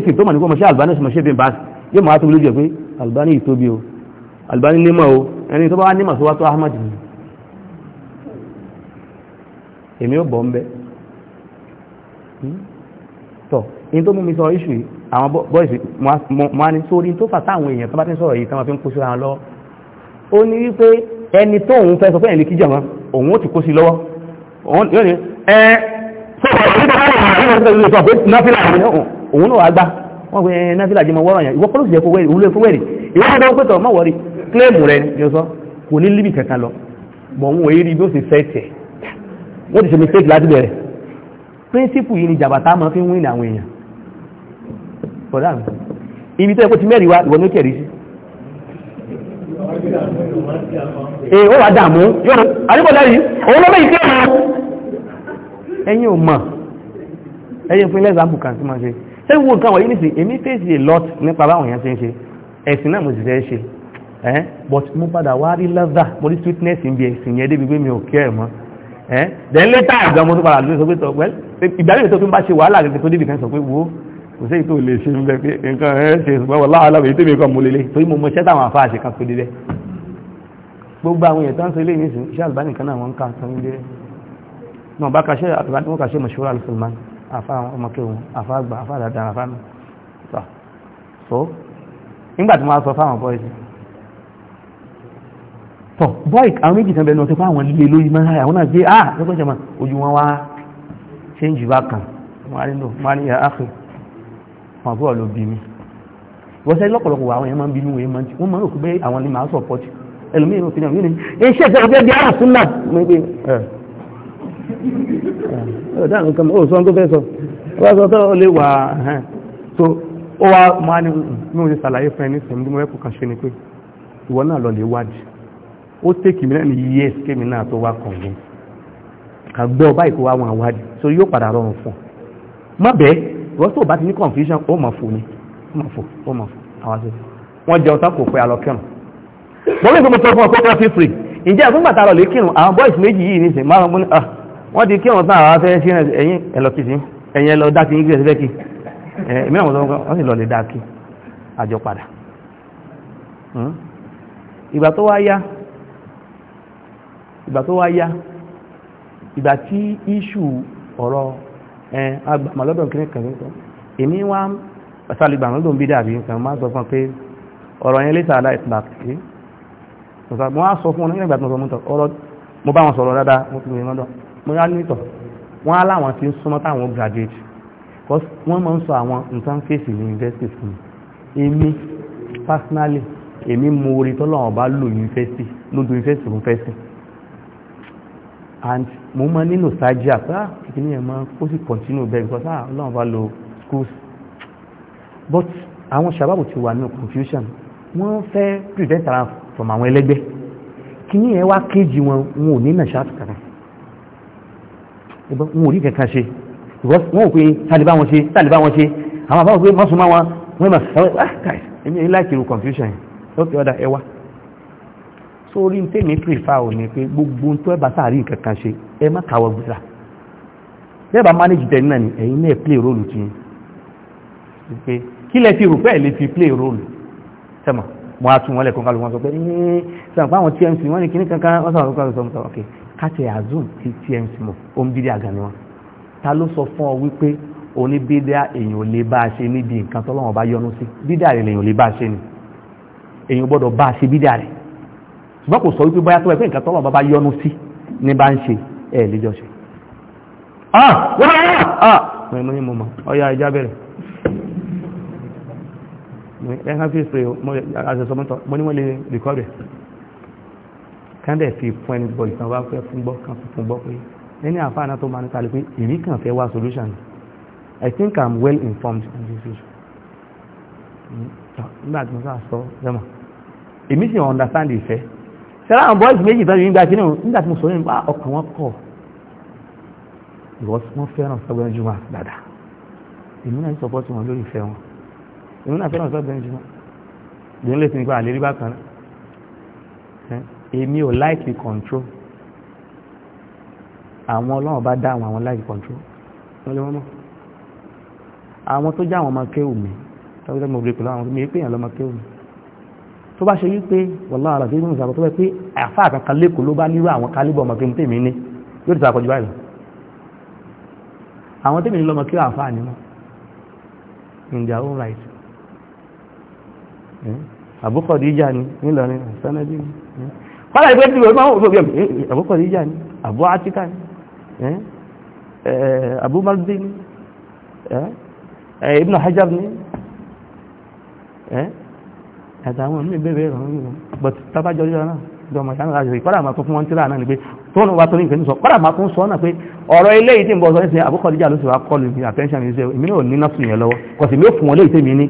tó albani ìtóbi o o ẹni tó bá wá nímọ̀ síwá tó ahmad ni èmi ó bọ̀ ń bẹ́ hmm? tọ̀ mú mi sọ iṣu yìí àwọn bọ́ìsì ma ní sórí tó fàtà àwọn èèyàn tó bá tí ń sọ̀rọ̀ yìí tánwà fi ń kó síra lọ ó ní wípé ẹni tó òun fẹ́ sọ pé ẹ̀lẹ́ kíjà wọn òun ó ti kó sí lọ́wọ́ wọ́n ti ṣe mistake láti bẹ̀rẹ̀ príncipù yìí ni jàbàtà máa fi ń wí ní àwọn èèyàn bọ̀dá mi ibi tó yẹ kó ti mẹ́rin wa ìwọ ní ó kẹ̀rí sí ee ó wà dààmú yọ́nà àríkọ̀dá yìí òun lọ́mọ ìṣẹ́ ọ̀nà ẹ̀yìn ò mọ̀ ẹ̀yìn fún ilẹ̀ ìzàmù kan tí ma ṣe ṣe wo nǹkan wọ̀nyí nìsí èmi fèsì a lot nípa báwọn èèyàn ṣe ń ṣe ẹ̀sìn náà mo sì fẹ́ ṣe ẹ́ but mo padà wá rí lọ́dà mo rí sweetness ń bi ẹ̀sìn yẹn débi pé mi ò kẹ́ ẹ̀ mọ́ ẹ́ then later àgbà mo tó padà lóyún sọ pé tọ́ well ìgbà kò sí ètò lè ṣe ń bẹ pé nǹkan ẹ̀ ṣe ṣùgbọ́n wọ́n láàlá èyí tó mi kọ́ mú lélẹ̀ torí mo mọ iṣẹ́ táwọn afá àṣẹ kan pèdé bẹ́ gbogbo àwọn èèyàn tó ń ṣe lé nísìn iṣẹ́ àlùbáni kan náà wọ́n ń ka sọ ní dẹ́rẹ́ náà bá kaṣẹ́ àtàbátí wọ́n kaṣẹ́ mọ̀ṣúra alùsùlùmán afá ọmọkẹ́ òun afá àgbà afá wọ́n sọ fáwọn wọ́n á nínú wọ́n wọn àbúrò ló bí mi wọ́n sẹ́ lọ́pọ̀lọpọ̀ àwọn èèyàn máa ń bínú èèyàn máa ń tí wọ́n máa ń rò pé àwọn ni màá sọ̀pọ̀tì ẹlòmíràn òfin àwọn yìí ni iṣẹ́ ìṣẹ́ ìṣẹ́ bí ara fún náà mo gbé ẹ̀ ẹ̀ dáhùn nǹkan ó sọ tó fẹ́ sọ wọ́n sọ tó lè wà ẹ̀hẹ́n tó ó wá máa ní mi ò ní ṣàlàyé fún ẹni sẹ́mi bí mo rẹ́pù kan ṣe ni pé ìwọ náà lọ lè wádìí ó tèkì mí náà ní yíyẹ́ kémi náà tó wá kàn yín kà báyìí kó wá wọn àwádìí so yóò padà rọrùn fún ọ má wọ́n tó bá ti ní confusion ó mọ̀ fò ní ó mọ̀ fò ó mọ̀ fò àwọn àti wọ́n jẹun tán kò pé alọ kírun wọ́n lè fi mo sọ fún ọ pé wọ́n fi free ǹjẹ́ ẹ̀fún gbàtà lọ lè kírun àwọn boys méjì yìí nìsín máa ń ah, wọ́n ti kírun tán àwọn afẹ́ sí ẹ̀yìn ẹ̀lọ́kìsí ẹ̀yìn ẹ̀lọ́ dá ti ń gbé ẹ̀sẹ̀ kí èmi náà wọ́n sì lọ lè dá kí àjọ padà hmm? ìgbà tó wá yá ìgbà tó wá yá ìgbà tí issue ọ̀rọ̀ agbàmọ̀ lọ́dọ̀ kí ní kẹ̀kẹ́ èmi wá sálìgbàmọ̀ lọ́dọ̀ bí dàbí nǹkan máa sọ fún pé ọ̀rọ̀ yẹn létà aláìsìláàkì mo á sọ fún wọn nígbà tí mo sọ mútọ̀ ọ̀rọ̀ mo bá wọn sọ̀rọ̀ dáadáa mo fi lọ́dọ̀ mo yá nítọ̀ wọ́n á láwọn tí ń súnmọ́ táwọn graduate because wọ́n máa ń sọ àwọn nǹkan fèsì ní university fún mi èmi personally èmi mo orí tọ́lọ́wọ́n bá lò university lójú university fún fẹ́sìn and mo máa ní nostalgia pé ah kìkì ní ẹ̀mọ́ ó sì continue bẹ́ẹ̀ because ah ọlọ́run bá lo schools but àwọn sàbábò ti wà ní confusion wọ́n fẹ́ prevent ara from àwọn ẹlẹ́gbẹ́ kí ní ẹ wá kéjì wọn wọn ò ní nà ṣáàtù kankan wọn ò rí kankan ṣe because wọn ò pé tàlíbá wọn ṣe tàlíbá wọn ṣe àwọn àbáwọ̀ pé mọ́sùnmá wọ́n mọ̀ ah guys èmi ẹ̀ láìkiri confusion yẹn lọ́pẹ́ ọ̀dà ẹ wá sórí tèmi prefer ò ní pé gbogbo tó ẹ̀bà sáàrí kankan ṣe ẹ má kàwọ́ gbúra lẹ́bàá manage tẹ̀ náà ni ẹ̀yin náà play role tí pé kí lẹ ti rò pé lè fi play role sẹ́mọ̀ mo á tún wọn lẹ́kọ̀ọ́ kálukú wọn sọ pé ní sọ̀rọ̀ pé àwọn TMC wọ́n ní kíní kankan wọ́n sọ̀rọ̀ kálukú sọ̀rọ̀ ok káṣẹ azum ti TMC mọ̀ ó ń bí díà gan ni wọn ta ló sọ fún ọ wípé oníbídíà èèyàn ò lè bá a ṣe níbi nǹkan tọ́lọ́wọ́n bá yọnu sí bídíà rẹ̀ lèèyàn ò lè bá a ṣe ni èèyàn gbọ́dọ̀ bá a ṣe bídíà rẹ̀ ṣùgbọ́n kò sọ wípé báyá tó ẹgbẹ́ nǹkan tọ́lọ̀ bàbá yọnu sí ní bá ń ṣe ẹ̀ ṣe ẹni àfáàná tó máa ń tàlẹ́ pé èmi kàn fẹ́ wá solution I think I'm well informed on this issue hmm. nígbà tí mo sáà sọ jẹ́mọ̀ èmi understand ìfẹ́ tẹ́lá àwọn bọ́ọ̀sì méjì tọ́jú nígbà kí nígbà tí mo sọ nípa ọkàn wọn pọ̀ because wọ́n fẹ́ràn Ọ̀gbẹ́ni Jùmọ̀ dáadáa èmi náà ń sọpọ́ tí wọ́n lórí ìfẹ́ wọn èmi náà fẹ́ràn Ọ̀gbẹ́ni Jùmọ̀ lóun lè fi nípa àlérí bákan náà èmi ò like control àwọn ọlọ́run bá dá àwọn àwọn like control wọ́n lé wọ́n mọ́ àwọn tó já àwọn ọmọ kéwù mi tọ́jú tẹ́lẹ̀ mo bèrè pẹ̀lú àwọn mi pé èèyàn lọ́mọ kéwù mi tó bá ṣe yí pé wàlá àràdé nínú ìsàkó tó bẹ́ pé àfá àkàkà lẹ́kọ̀ọ́ ló bá nírú àwọn kálíbọ̀ ọmọ kéwọ́n tèmi ní yóò ti sàkọjú báyìí àwọn tèmi ní lọ́mọ kí àfá ni wọ́n in their own right àbúkọ̀díjà eh? ni nílọrin àsánẹ́bí ni eh? kọ́lá ìgbé tí wọ́n àtàwọn mí bẹ́ẹ̀ bẹ́ẹ̀ but tábájọ́ yíra náà jọmọ̀ ìṣàánà àjẹ́ ìpàdà máa tún fún wọn tíra náà ni pé tó ní wá tó ní ìfẹ́ sọ padà máa tún sọ náà pé ọ̀rọ̀ ilé ìdí ìbọn sọ ní ṣe àbúkọ̀díjà ló sì wá kọlù ní attention ní ṣe èmi náà ní náà sùn yẹn lọ́wọ́ kò sì yóò fún wọn léyìí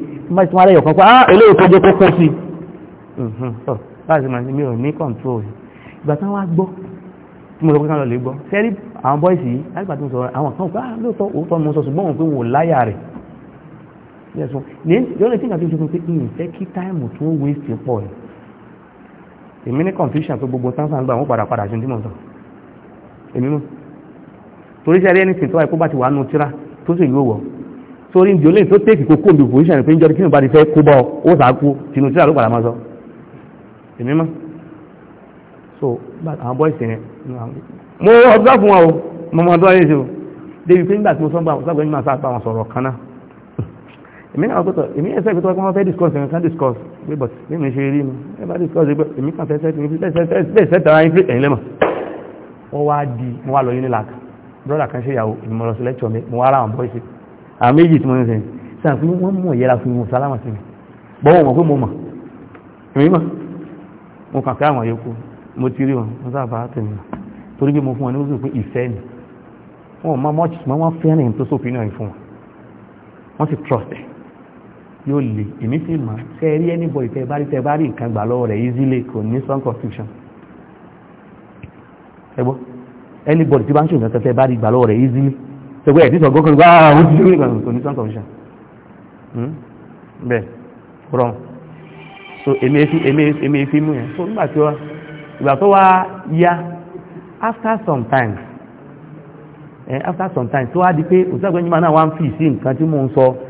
ah eléyìí tó jẹ́ kó kó sí láti máa ní mi ní control ìgbà táwọn wá gbọ́ tí mo sọ pé káwọn lè gbọ́ sẹ́rí àwọn ah lóòótọ́ òótọ́ mo sọ ṣùgbọ́n òun pé yes sir ní the only thing i think is pé kí n fẹ́ kí time, tó ń waste your ẹ̀ èmi ní confusion pé gbogbo sáńsán gbà wọ́n padà padà sí ní mọ̀ tán èmi mọ̀ torí ṣe rí ẹni sìn tó wáyé kó bá ti wà nù tíra tó sì yóò wọ̀ sórí ìdí olóyìn tó tẹ́kì kó kóòdù position rẹ̀ pé ń jọ kí n bá ti fẹ́ kó bọ́ ó sàá kú tinú tíra ló padà máa sọ èmi mọ̀ so àwọn boys yẹn mo observe wọn o mo mọ ọdún ayé ṣe o débi pé nígbà tí mo sọ gbà wọn sọ èmi náà gbọ́tọ̀ èmi ẹ̀sẹ̀ ìgbẹ́tọ́ ọkọ̀ fẹ́ discuss ẹ̀yàn kan discuss pé but bí mi ṣe rí mi ẹ bá discuss ẹgbẹ́ èmi kan fẹ́ sẹ́tì ní bẹ́ẹ̀ sẹ́tì ara yín pé ẹ̀yìn lẹ́mọ̀ wọ́n wá di mo wá lọ unilag brother kan ṣe ìyàwó èmi mo lọ sí lecture mi mo wá ara àwọn bọ́ìsì àwọn méjì tí mo ń sẹ́yìn sàn fún wọn mọ̀ yẹra fún wọn sálámà sí mi bọ́ wọn mọ̀ pé mo mọ̀ èmi mọ̀ mo kàn fẹ́ àwọn yòókù mo ti rí wọn mo sábà tẹ̀lé torí pé mo fún wọn ní ó sì pé ìfẹ́ ni wọn mọ̀ mọ́ wọ́n fẹ́ràn tó sófin náà fún wọn wọ́n sì trust ẹ̀ yóò lè èmi sì mọ̀ ṣe rí anybody tẹ́ bá rí tẹ́ bá rí nǹkan gbà lọ́wọ́ rẹ̀ easily kò ní strong constitution ẹgbọ́ anybody tí bá ń ṣe nǹkan tẹ́ bá rí gbà lọ́wọ́ rẹ̀ easily ṣẹgbẹ́ ẹ̀dí sọ̀gọ́ kan gbá àwọn tí ó rí nǹkan kò ní strong constitution hmm? bẹ́ẹ̀ wrong so èmi èfi èmi èfi mú yẹn so nígbà tí ó ìgbà tó wá yá after some time eh, after some time tó wá di pé òṣìṣẹ́ àgbẹ̀yìn máa náà wá ń fi sí nǹkan tí mò ń sọ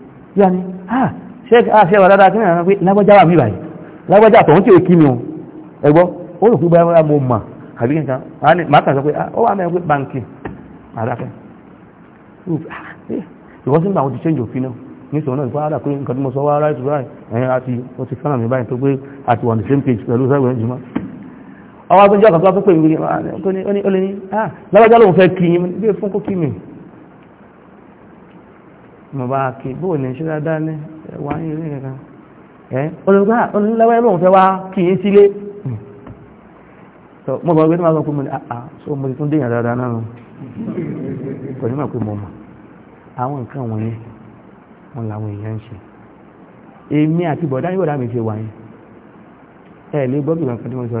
yàní ṣe ah, ah dáadáa kí ní àwọn pé lágbọ́já wà mí báyìí lágbọ́já tọ̀hún tí ó kí mi o ẹgbọ́ ó rò pé báyá mo mà àbí nǹkan máa kà sọ pé ah, ó wà mẹ́rin pé báńkì àdáfẹ́ ah, ìwọ́n sí ìgbà àwọn ti change opinion? náà so sọ̀rọ̀ náà ìpáàdà pé nǹkan tí mo sọ wá right right eh, ati, ó ti fẹ́ràn mi báyìí tó pé àti wà on the same page pẹ̀lú sẹ́wẹ̀ jùmọ́ ọwọ́ agbẹ́jọ́ kan tó wá pé pé ìwé ni ó ni, lágbájá lòun fẹ́ kí yín bí fún kó kí kimi mo bá kí bóò ní ṣe dáadáa ní wà ní ilé kankan ẹ́ olùgbà olùlẹ́wẹ́ lóun fẹ́ wá kí yí sílé mo bá gbé tó ní ah, ah, so mo ti tún dèyàn dáadáa náà kò ní mọ̀ pé mo mọ̀ àwọn nǹkan wọ̀nyí wọn làwọn èèyàn ń ṣe èmi àti bọ̀dá yóò dá mi ṣe wà yẹn ẹ lè gbọ́ bí nǹkan tí mo sọ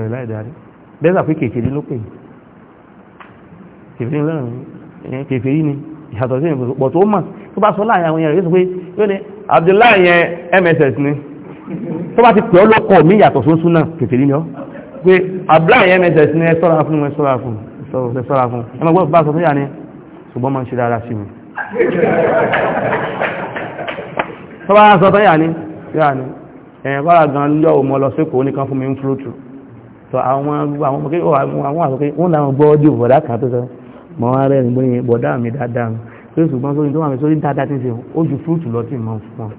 rẹ̀ ìyàtọ̀ sí ìbùsùn pọ̀ tó mọ̀ tó bá sọ láàrin àwọn èèyàn rẹ̀ pé yóò ní Abdullahi yẹn MSS ni tó bá ti pè ọ́ lọ́kọ̀ mí yàtọ̀ sún sún náà kèfèrí ni ọ́ pé Abdullahi yẹn MSS ni ẹ sọ́ra fún ẹ sọ́ra fún ẹ sọ́ra fún ẹ mọ̀ gbọ́dọ̀ bá sọ fún yà ni ṣùgbọ́n máa ń ṣe dára sí mi tó bá sọ fún yà ni yà ni ẹ̀yìn kọ́ra gan yọ òmọ lọ sí kò ní kan fún mi ń fúrútù tó àwọn àwọn àkókò wọn làwọn gbọ́ ọdún bọ̀dá kan tó sọ mọ́ wá rẹ̀ nígbó yẹn bọ̀dá mi dáadáa mi pé ṣùgbọ́n sórí tó wà mí sórí dáadáa tí ń ṣe ó ju fúrúùtù lọ tí mọ́ fún wọn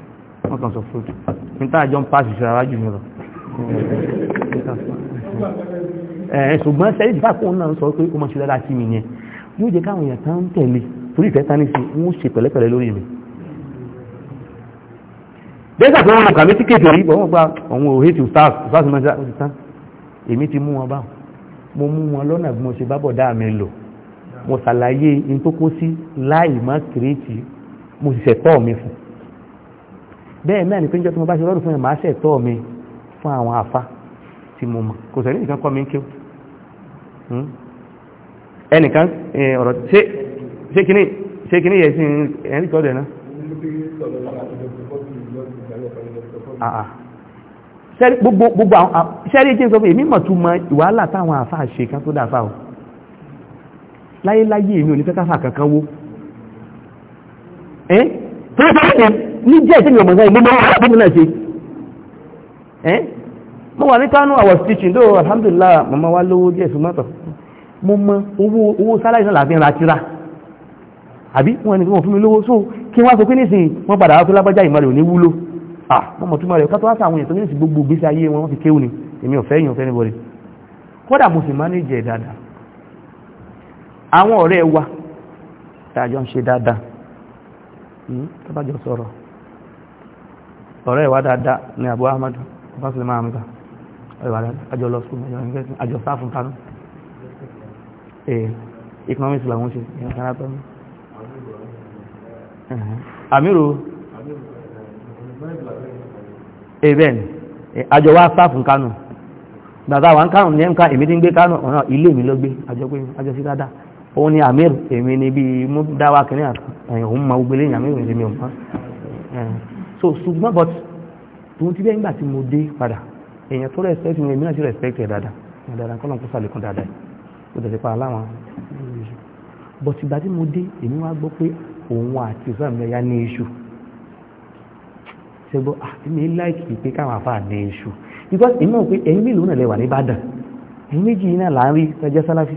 wọ́n kàn sọ fúrúùtù ní tá àjọ ń pa àṣìṣe ara jù mí lọ. ṣùgbọ́n sẹ́yìn ìfà kóun náà sọ pé ó mọ̀ ṣe dáadáa sí mi yẹn yóò jẹ́ káwọn èèyàn kan tẹ̀lé torí ìfẹ́ tání sí wọ́n ṣe pẹ̀lẹ́pẹ̀lẹ́ lórí mi dẹ́gbà tó wọn kàmí tí kéfèé rí wọ́n gba àwọn òhé tí stars stars mẹ́ta èmi ti mú wọn bá mo mú wọn lọ́nà bí mo ṣe bá bọ̀dá mi lò mo ṣàlàyé in tó kó sí láì má kìrìtì mo sì ṣẹ̀tọ́ mi fún bẹ́ẹ̀ náà ni pé níjọ́ tí mo bá ṣe lọ́dún fún ẹ̀ máa ṣẹ̀tọ́ mi fún àwọn àfa tí mo mọ̀ kò sẹ́ni nìkan kọ́ mi ń kéw hmm? ẹnìkan ọ̀rọ̀ ṣé kíní ṣé kíní yẹ sí ẹ̀rí kọ́ dẹ̀ náà ah, ah. gbogbo àwọn ṣẹ́rí jí ń sọ pé èmi mọ̀ tún mọ ìwàhálà táwọn àfa ṣe kan tó dáa fáwọn láyéláyé èmi ò ní kẹ́kàfà kankan wó ẹ́ tó bá rẹ̀ ní jẹ́ ìsinmi ọmọdé ìgbé mọ́wàá àbúrú náà ṣe ẹ́ mo was teaching though alhamdulillah mama wa lówó díẹ̀ ṣùgbọ́n mo mọ owó sálárì náà làbí ẹran àtira àbí wọ́n ni wọ́n fún mi lówó so kí wọ́n sọ pé nísìn wọ́n padà wá pé lábájá ìmọ̀ rẹ̀ ò ní wúlò ah wọ́n mọ̀ túnmọ̀ rẹ̀ ká tó wá sáwọn èèyàn tó ní ìsìn gbogbo ìgbésí ayé wọn fi kéwù ni èmi ò èèyàn fẹ́ àwọn ọ̀rẹ́ wa tàjọ ń ṣe dáadáa hmm? tàbájọ sọ̀rọ̀ ọ̀rẹ́ wa dáadáa ni Abu Ahmad Fásilẹ̀ Mahamza àjọ lọ skúl àjọ sáfún kanú economics làwọn ṣe ìrìnkanápẹ́ mú àjọ wá sáfún kanú gbàtà wà ń kánù ní kánù ọ̀nà ilé mi lọ gbé àjọ sí dáadáa òun ni amir èmi ni bí mú dáwà kìíní àtàyàn òun ma ogbélé ní amir èmi so ṣùgbọ́n but tòun ti bẹ́ẹ̀ nígbà tí mo dé padà èèyàn tó respect mi èmi náà sì respect ẹ̀ dáadáa dáadáa kọ́ lóun kó sàlékún dáadáa ó tẹ̀sí pa aláwọn but ìgbà tí mo dé èmi wá gbọ́ pé òun àti ìfẹ́ ní iṣu ṣe gbọ́ àti ah, mi láìkì pé káwọn afá ní iṣu because èmi náà pé ẹ̀yin mélòó náà lẹ́wà ní Ìbàdàn ẹ̀yin méjì náà là ẹjẹ́ sálàfì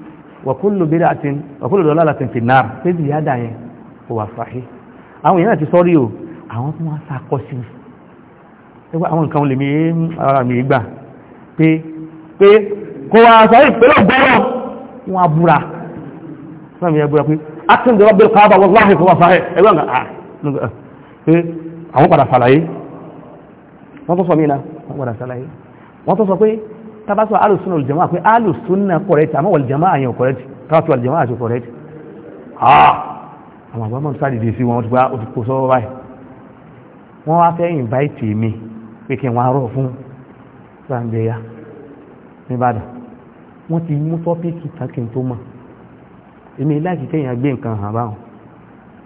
wàkúlù bídà àti wàkúlù dọ́là láti fi náà pé bí yáda yẹn kò wà fàáhí àwọn èèyàn ti sọ́rí o àwọn tó wọ́n sàkọ́ sí ẹgbẹ́ àwọn nǹkan lè mi ara mi gbà pé pé kò wà sọ́rí pẹ̀lú ọgbọ́rọ̀ wọn abúra sọ́rí mi abúra pé akin dọ́rọ̀ bẹ́ẹ̀ káàbà wọ́n láàrín kò wà fàáhí ẹgbẹ́ nǹkan à pé àwọn padà sàlàyé wọ́n tó sọ mí náà wọ́n padà sàlàyé wọ́n tó sọ pé tabasọ alùsùnà olùjẹmọ́ àpé alùsùnà kọ̀rẹ́tì àmọ́ olùjẹmọ́ àyàn kọ̀rẹ́tì káàtù olùjẹmọ́ àti kọ̀rẹ́tì àwọn àgbàmọ́ sáàdìdì sí wọn tó ti kó sọ́wọ́ báyìí wọ́n wá fẹ́ ìnváìtì mi pé kí wọ́n arọ́ fún sàǹdẹ̀yà nìbàdàn wọ́n ti mú tọ́pìkì tàkì tó mọ̀ èmi láti kẹ́yìn agbé nǹkan hàn báwọn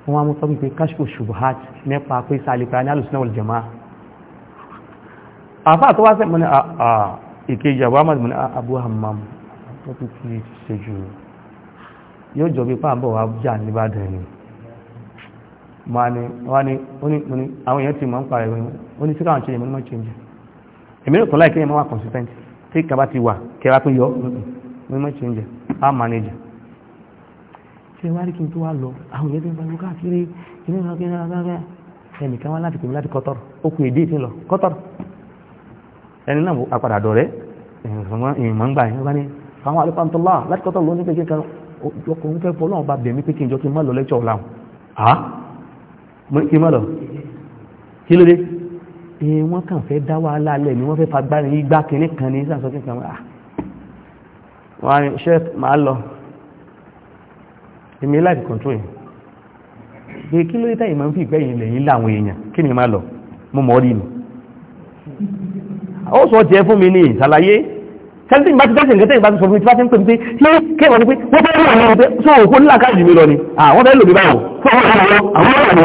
wọ́n wá mú tọ́pìkì pé káṣíkò ṣubuhat nípa pé sàlìkà ní alùsùnà olùjẹmọ́ àfáà tó wá sẹ́mọ́ ní àà ah, ah, ìkejì àbú ahmad bin abu hammam tó tún ti ṣe jù yóò jọ bí pàǹbọ̀ wà jà nìbàdàn ni wọ́n ní àwọn èèyàn ti mọ̀ ń parẹ́ wọ́n ní sí káwọn change mọ́ change èmi ò tún láì kéèyàn máa wà consistent tí kaba ti wà kẹwàá tún yọ mọ́ change our manager ṣe wá rí kí n tó wá lọ àwọn èèyàn ti ń pariwo káàkiri ìnáwó kí n rárá ẹnìkan wá láti kò láti kọ́tọ̀rọ̀ ó kù èdè ìtì lọ kọ́tọ̀rọ̀ ẹni náà apadà dọ̀rẹ́ ìmọ̀ ń gbà yẹn wá ní àwọn alẹ́pàntọ́lá láti kọ́tọ̀ lóní pé kíkan ọkùnrin fẹ́ fọ́ lọ́wọ́ bá bẹ̀mí pé kí n jọ kí n má lọ lẹ́kṣọ̀ láwọn à mọ́ kí n má lọ kí ló dé ẹ wọ́n kàn fẹ́ dá wàhálà lẹ̀ ni wọ́n fẹ́ fagbárin igbá kìíní kan ní sàǹsọ́ kí n kàn wọ́n ní ṣe máa lọ ó sọ jẹ fún mi ní ìsàlàyé tẹ́lifí bá ti dá sí nǹkan tẹ́yìn bá ti sọ fún mi tí bá ti ń pè mí pé ṣé kéwọ́n ni pé wọ́n fẹ́ rí àwọn ọmọdé tó òkú nílà káàdì mi lọ ni àwọn fẹ́ lò mí báyìí fún àwọn ọmọ mi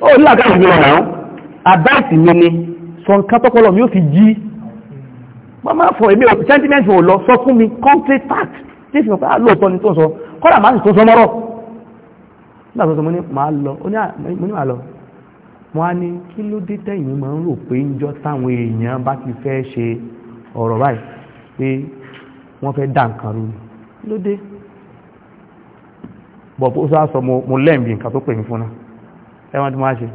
ó nílà káàdì mi lọ ràn án àbáàsì mi ni sọ nǹkan tọ́pọ̀lọ́ mi ó fi jí mama fọ èmi ò sentiment ò lọ sọ fún mi concrete fact tí ìfìmọ̀ pé á ah, lóòótọ́ wọ́n á ní kí ló dé tẹ̀yìn máa ń rò pé níjọ́ táwọn èèyàn bá ti fẹ́ ṣe ọ̀rọ̀ báyìí pé wọ́n fẹ́ dá nǹkan rú kí ló dé bọ̀ bó sá sọ mo lẹ́m̀bì nǹkan tó pè mí fún náà ẹwọ́n tí wọ́n á ṣe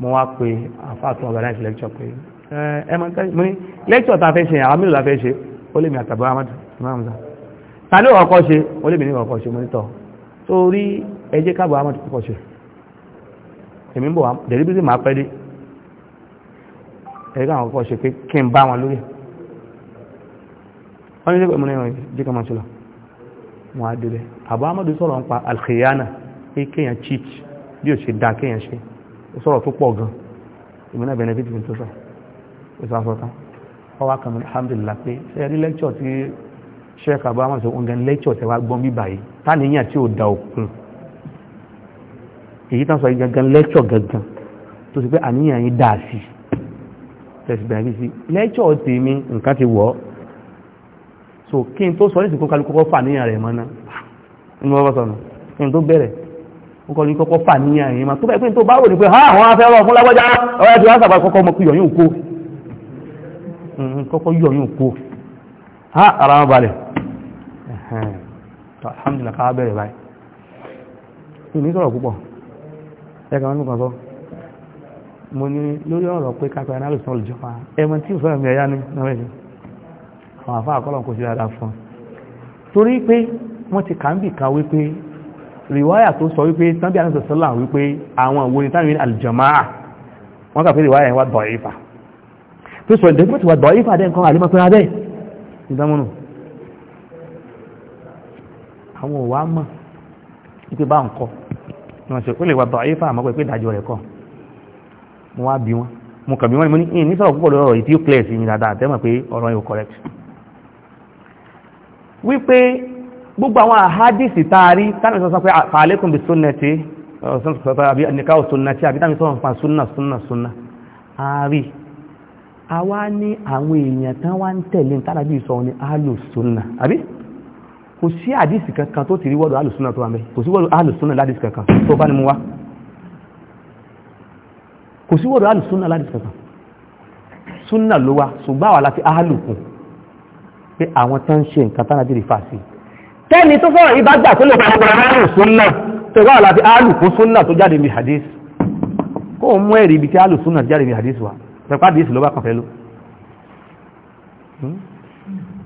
mo wá pe àfáàtún organize lecture pé ẹ máa tẹ́lẹ̀ mo ní lecture tá a fẹ́ ṣe àwọn mélòó la fẹ́ ṣe ó lè mi àtàbọ̀ amadu imamuza ta ló kọ́kọ́ ṣe ó lè mi ní kọ́kọ́ ṣe monitor torí ẹ káàbọ̀ amadu kọ́kọ́ ṣe èmi ń bọ̀ wá dẹ̀rí bí sì máa pẹ́ dé ẹ̀rí àwọn kọ́kọ́ ṣe pé kí n bá wọn lórí wọ́n ní ṣe pé mo ní ìrìn jí kan máa ṣe lọ wọn á délé àbá amadu sọ̀rọ̀ ń pa alkhiyana pé kéèyàn cheat bí ó ṣe dá kéèyàn ṣe ó tó pọ̀ gan èmi benefit mi tó sọ ó sọ àfọ́tá wọ́n wá kàn mí alhamdulillah lecture tí sheikh abba amadu sọ ń gan lecture tẹ wá gbọ́n bíbà yìí táníyàn èyí tán sọ yìí gangan lẹ́kṣọ̀ gangan tó sì pé àníyàn yìí dà sí tẹ̀sìbẹ̀rẹ̀ sí lẹ́kṣọ̀ tèmi nǹkan ti wọ̀ so kí n tó sọ nísìnkú kálukú kọ́ fàníyàn rẹ̀ mọ́ná inú ọmọ sọ̀nà kí n tó bẹ̀rẹ̀ ó kọ́ ní kọ́kọ́ fàníyàn rẹ̀ mọ́ tó bẹ̀ pé n tó bá rò ní pé ha àwọn afẹ́rọ̀ fún lágbájá ọ̀rẹ́ ti wáṣà kọ́kọ́ mọ́ yọ̀yún kó mm-hmm, kọ́kọ́ yọ̀yún kó ha ara wọn balẹ̀ alhamdulillah ká bẹ̀rẹ̀ báyìí ni sọ̀rọ̀ púpọ̀ ẹ̀ka wọn nípa bọ́ mo ní lórí ọ̀rọ̀ pé kápẹ́ anáàlùsàn olùjọ́ pa ẹmọ tí ìfẹ́ mi ẹ̀yá ní norway àwọn àfáà kọ́lọ̀ kò sí dáadáa fún torí pé wọ́n ti kàńbì kan wípé rìwáyà tó sọ wípé tán bí a ní sọ sọ́là wípé àwọn òwò ní táwọn alìjọmáà wọ́n kà pé rìwáyà yẹn wá dọ̀ ìfà tó sọ ìdẹ́gbẹ́ ti wà dọ̀ ìfà dẹ́ nǹkan àlímọ́ pé abẹ́ ìdámọ́nù àwọn òwò á mọ̀ wípé bá ń kọ́ ni wọ́n ṣe ó lè wà bàá ifá àmọ́ pé ìdájọ́ rẹ̀ kọ́ mo wá bí wọn mo kàn bí wọn ni mo ní ìyìn nísọ̀rọ̀ púpọ̀ lọ́rọ̀ yìí tí ó clear sí mi dáadáa tẹ́mọ̀ pé ọ̀rọ̀ yóò correct wípé gbogbo àwọn àhádìsì taari tánà sọ pé fàálẹ́kùn bí sunnati àbí nìkáwò sunnati àbí tánà sọ̀rọ̀ pa sunna sunna sunna àárí àwa ní àwọn èèyàn tán wá ń tẹ̀lé tánà bí sọ ni alò sunna àbí kò sí àdísì kankan tó ti rí wọ́dọ̀ alùsúnà tó wà mẹ́ kò sí wọ́dọ̀ alùsúnà ládìsì kankan tó bá ní mú wá kò sí wọ́dọ̀ alùsúnà ládìsì kankan súnà ló wá ṣùgbọ́n àwọn láti ahálùkù pé àwọn tó ń ṣe nǹkan tánà dìrì fàṣì tẹ́ni tó fọ́rọ̀ ibá gbà tó lè pàápàá alùsúnà tó wà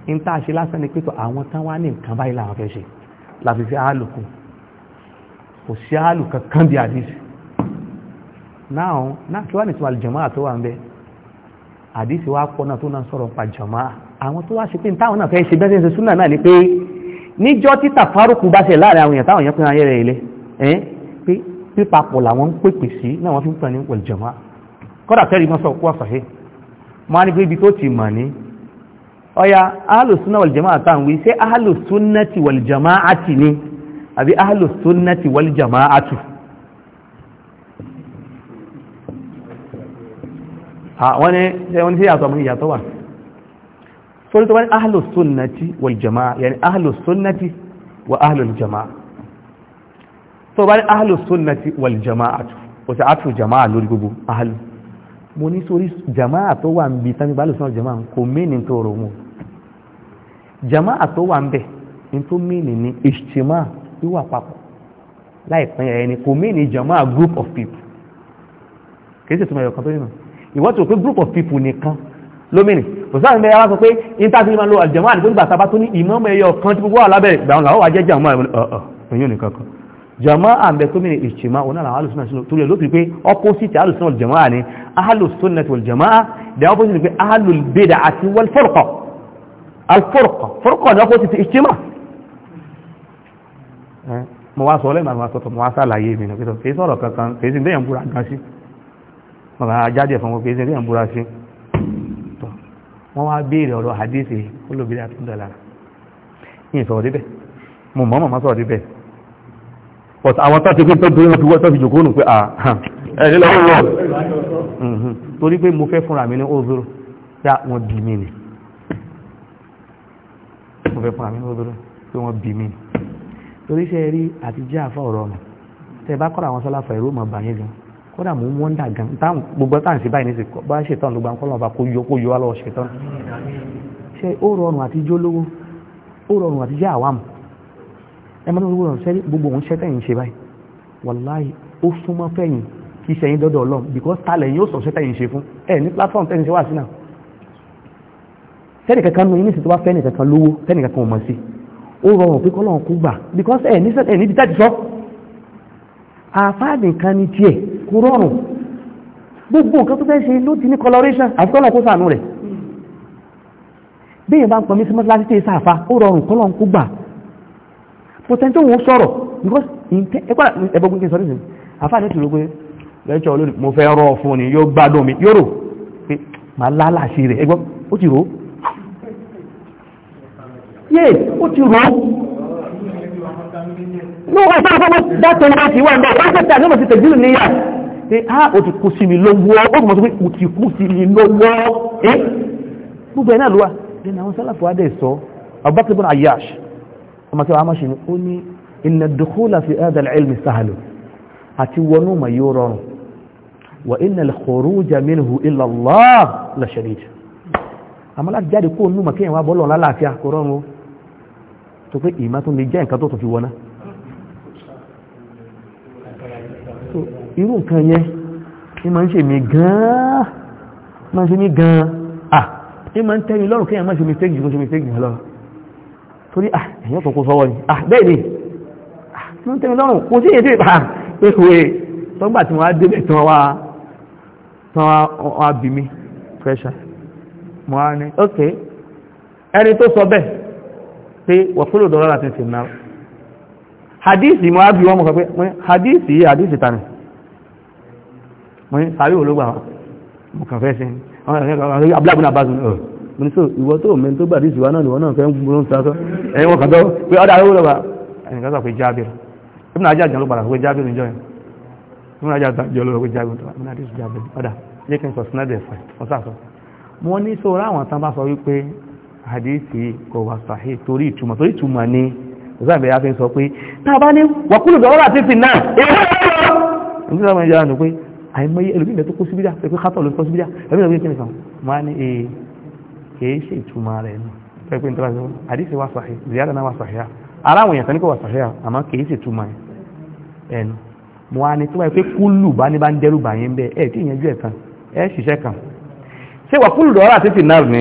ní tá a ṣe lásán ni pípọ̀ àwọn tán wá ní nǹkan báyìí làwọn fẹ́ ṣe láti fi áàlù kù kò sí áàlù kankan bí àdísì náà náà kí wá ní ìtumọ̀ àlùjọ̀mọ́ àtọ́wà ń bẹ àdísì wá pọ̀ náà tó náà sọ̀rọ̀ pa jọ̀mọ́ àwọn tó wá ṣe pé táwọn náà fẹ́ ṣe bẹ́ẹ̀ ṣe súnà náà ni pé níjọ́ tí tàfárùkù bá ṣe láàrin àwọn èèyàn táwọn èèyàn pín ayé rẹ̀ ilé ẹ̀ pé pípapọ̀ làwọn ń pèpè sí náà wọ́n fi ń pè ní wọ̀lùjọ̀mọ́ kọ́dà tẹ́rì mọ́ sọ kú àṣàhẹ́ mọ́ á ní pé ibi tó ti mọ̀ ní ọya ahàlùsúnà wàljama'a tàn wí ṣé ahàlùsúnnàtì wàljama'ati ni àbí ahàlùsúnnàtì wàljama'atu wọ́n ni wọ́n sí yàtọ̀ ìyàtọ̀ wà sórí tó wọ́n ahàlùsúnnàtì wàljama'a yàní ahàlùsúnnàtì wa ahàlùljama'a tó wọ́n ahàlùsúnnàtì wàljama'atu ó sì àtù jama'a lórí gbogbo ahàlù mo ní sórí jama'a tó wà ń bi tánibálùsúnnà jama'a kò mí ní tó rò jama'a tó wà ń bẹ̀ ní tó mìnì ní ìṣtìmá wíwà papọ̀ láìpín ẹ̀yẹ ni kò mìnì jama'a group of people kìí sì túnmọ̀ ẹ̀yọ̀ kan tó nínú ìwọ́n tó pé group of people nìkan lómìnì kò sáà ń bẹ ara sọ pé intanet máa lo àjẹmọ́ àdìgbò nígbà sábà tó ní ìmọ̀ọ́mọ̀ ẹ̀yọ̀ kan tí gbogbo wà lábẹ́ ìgbà wọn làwọn wà jẹ́ jàmọ́ ẹ̀yọ̀ nìkan kan jama àmì gómìnà ìṣìmá wọn náà alùsùn náà torí ẹ̀ ló fi pé opposite alùsùn náà ni alùsùn náà wal jama the opposite pé alùbẹ̀dà àti wal furqa alfurqa furqa ni opposite ìṣímà mo wá sọ lẹ́yìn àwọn akọ́tọ̀ mo wá sàlàyé mi nà pẹ́tọ̀ kìí sọ̀rọ̀ kankan kìí sí déyàn búra gan sí mo kàn jáde fún wọn kìí sí déyàn búra sí wọ́n wá béèrè ọ̀rọ̀ hadithi olóbìnrin àtúndàlà yìí sọ̀rọ̀ débẹ̀ mo mọ́ mọ́ sọ̀rọ̀ débẹ̀ but àwọn tó ti pé tó dúró fi wọ́tọ́ fi jòkó nù pé à ẹ̀rí lọ́wọ́ lọ torí pé mo fẹ́ fúnra mi ní ó zoro yá wọn mi nìí kò fẹ́ fún àmì lóbìnrin pé wọ́n bì mí torí ṣe rí àti jẹ́ àfọ́ ọ̀rọ̀ ọmọ tẹ́ bá kọ́ra àwọn sọ́lá fẹ́ rómọ bàyẹ́ gan kódà mò ń wọ́ndà gan táwọn gbogbo táwọn sì báyìí ní sí bá ṣètàn ló gba ń kọ́lọ́ ọba kó yọ kó yọ wá lọ́wọ́ ṣètàn ṣe ó rọrùn àti jó lówó ó rọrùn àti jẹ́ àwàmù ẹ máa ń wọ́n rọrùn sẹ́rí gbogbo òun ṣẹ́ tẹ̀yìn ṣe báyìí wàláì ó súnmọ́ because talẹ̀ yóò sọ ṣẹ́ tẹ̀yìn ṣe fún ẹ ní platform tẹ̀yìn ṣe tẹ́nìkankan nù yín nísìtò bá fẹ́ nìkankan lówó tẹ́nìkankan ò mọ̀ sí ó rọrùn pé kọ́lọ́run kó gbà because ẹ̀ nísẹ̀ ẹ̀ níbi tẹ́tì sọ àfáàdì nǹkan ni tiẹ̀ kó rọrùn gbogbo nǹkan tó fẹ́ ṣe ló ti ní coloration àti kọ́lọ́run kó sànú rẹ̀ bí èèyàn bá ń pọ̀ mí sí mọ́tíláṣí tẹ́ sáàfá ó rọrùn kọ́lọ́run kó gbà pọ̀tẹ́ntì òun sọ̀rọ̀ because ẹgbẹ́gbẹ́ kí n sọ nísìnyí àfáàdì ti rò pé lẹ́jọ́ olóòrùn mo fẹ́ ni yóò gbádùn mi yóò rò pé màá lálàṣe rẹ̀ ẹgbọ́n ó ti rò ó yé ó ti rò ó. ní wọ́n sọ fún mi dáàtọ̀ ní wọ́n ti wà ń bọ̀ wọ́n fẹ́ tà ní wọ́n ti tẹ̀jú ní yà pé á ó ti kú sí mi lọ́wọ́ ó mọ̀ sọ pé ó ti kú sí mi lọ́wọ́ ẹ́ gbogbo ẹ̀ náà ló wà ẹ̀nà àwọn sálàfọ́ adé sọ Abubakar bin Ayyash ọmọ tí wàá máṣe ni ó ní inna dukhula fi hadha ilmi sahalu àti wọnú mà yóò rọrùn wa inna al-khuruja minhu illa àmọ́ láti jáde kó nú mà kéèyàn wá bọ́ọ̀lù ọ̀la láàfíà kò rọrùn o tó pé ìmá tó lè jẹ́ nǹkan tó tó fi wọná irú nǹkan yẹn ní ma ń ṣe mi gan-an ma ń ṣe mi gan-an ah ní ma ń tẹ́yìn lọ́rùn kí èèyàn má ṣe mistake jù kó ṣe mistake jù lọ torí ah èèyàn tó kó sọ́wọ́ ni ah bẹ́ẹ̀ ni ah ní ma ń tẹ́yìn lọ́rùn kò sí èyí tó ìbá pé kò wé tọ́gbà tí wọ́n á débẹ̀ tán wá tán wá bí mi pressure mo á ní ok ẹni tó sọ bẹ́ẹ̀ pé wọ̀kúrò dọ́rọ́ láti fi náà hadithi mọ́ ábí wọ́n mọ́ pẹ́ mọ́ hadithi yìí hadithi tani mọ́ ní sàárì olóògbà mọ́ kàn fẹ́ sí abúlábùnà bá zùn ọ̀ mọ́ ní so ìwọ tó mẹ́ tó gbàdí ìwọ náà ìwọ náà fẹ́ ń gbúrò ń sasọ́ ẹ̀yìn wọ́n kàn tọ́ pé ọdá arówó lọ́wọ́ ẹnìkan sọ pé jábìr ibùnà ajá jẹ́ ló padà pé jábìr jọ yẹn ibùnà ajá jẹ́ ló pé jábìr tó ibùnà ajá jẹ́ ló pé jábìr ọdá jẹ́ hadithi kò wà sahih torí ìtumọ̀ torí ìtumọ̀ ni ìsáàbẹ̀ ya fi sọ pé tàbá ní wàkúlù dọ̀rọ̀ àti fi náà èyí ló ń yára nù pé àìmọye ẹlòmílẹ̀ tó kó síbídà pẹ̀lú kátọ̀ ló kó síbídà ẹlòmílẹ̀ tó kí nìkan máa ní e kìí ṣe ìtumọ̀ rẹ̀ nù pẹ̀lú ìtura sí hadithi wà sahih ziyada náà wà sahih ara àwọn èèyàn kan ní kò wà sahih àmọ́ kìí ṣe ìtumọ̀ ẹnu mo wá ní tó wáyé pé kúlù bá ní bá ń dẹ́rù bàyẹn bẹ́ẹ̀ ẹ̀ tí ìyẹn jù ẹ̀ kan ẹ̀ ṣiṣẹ́ kan ṣé wàkúlù dọ̀rọ̀ àti fi náà ni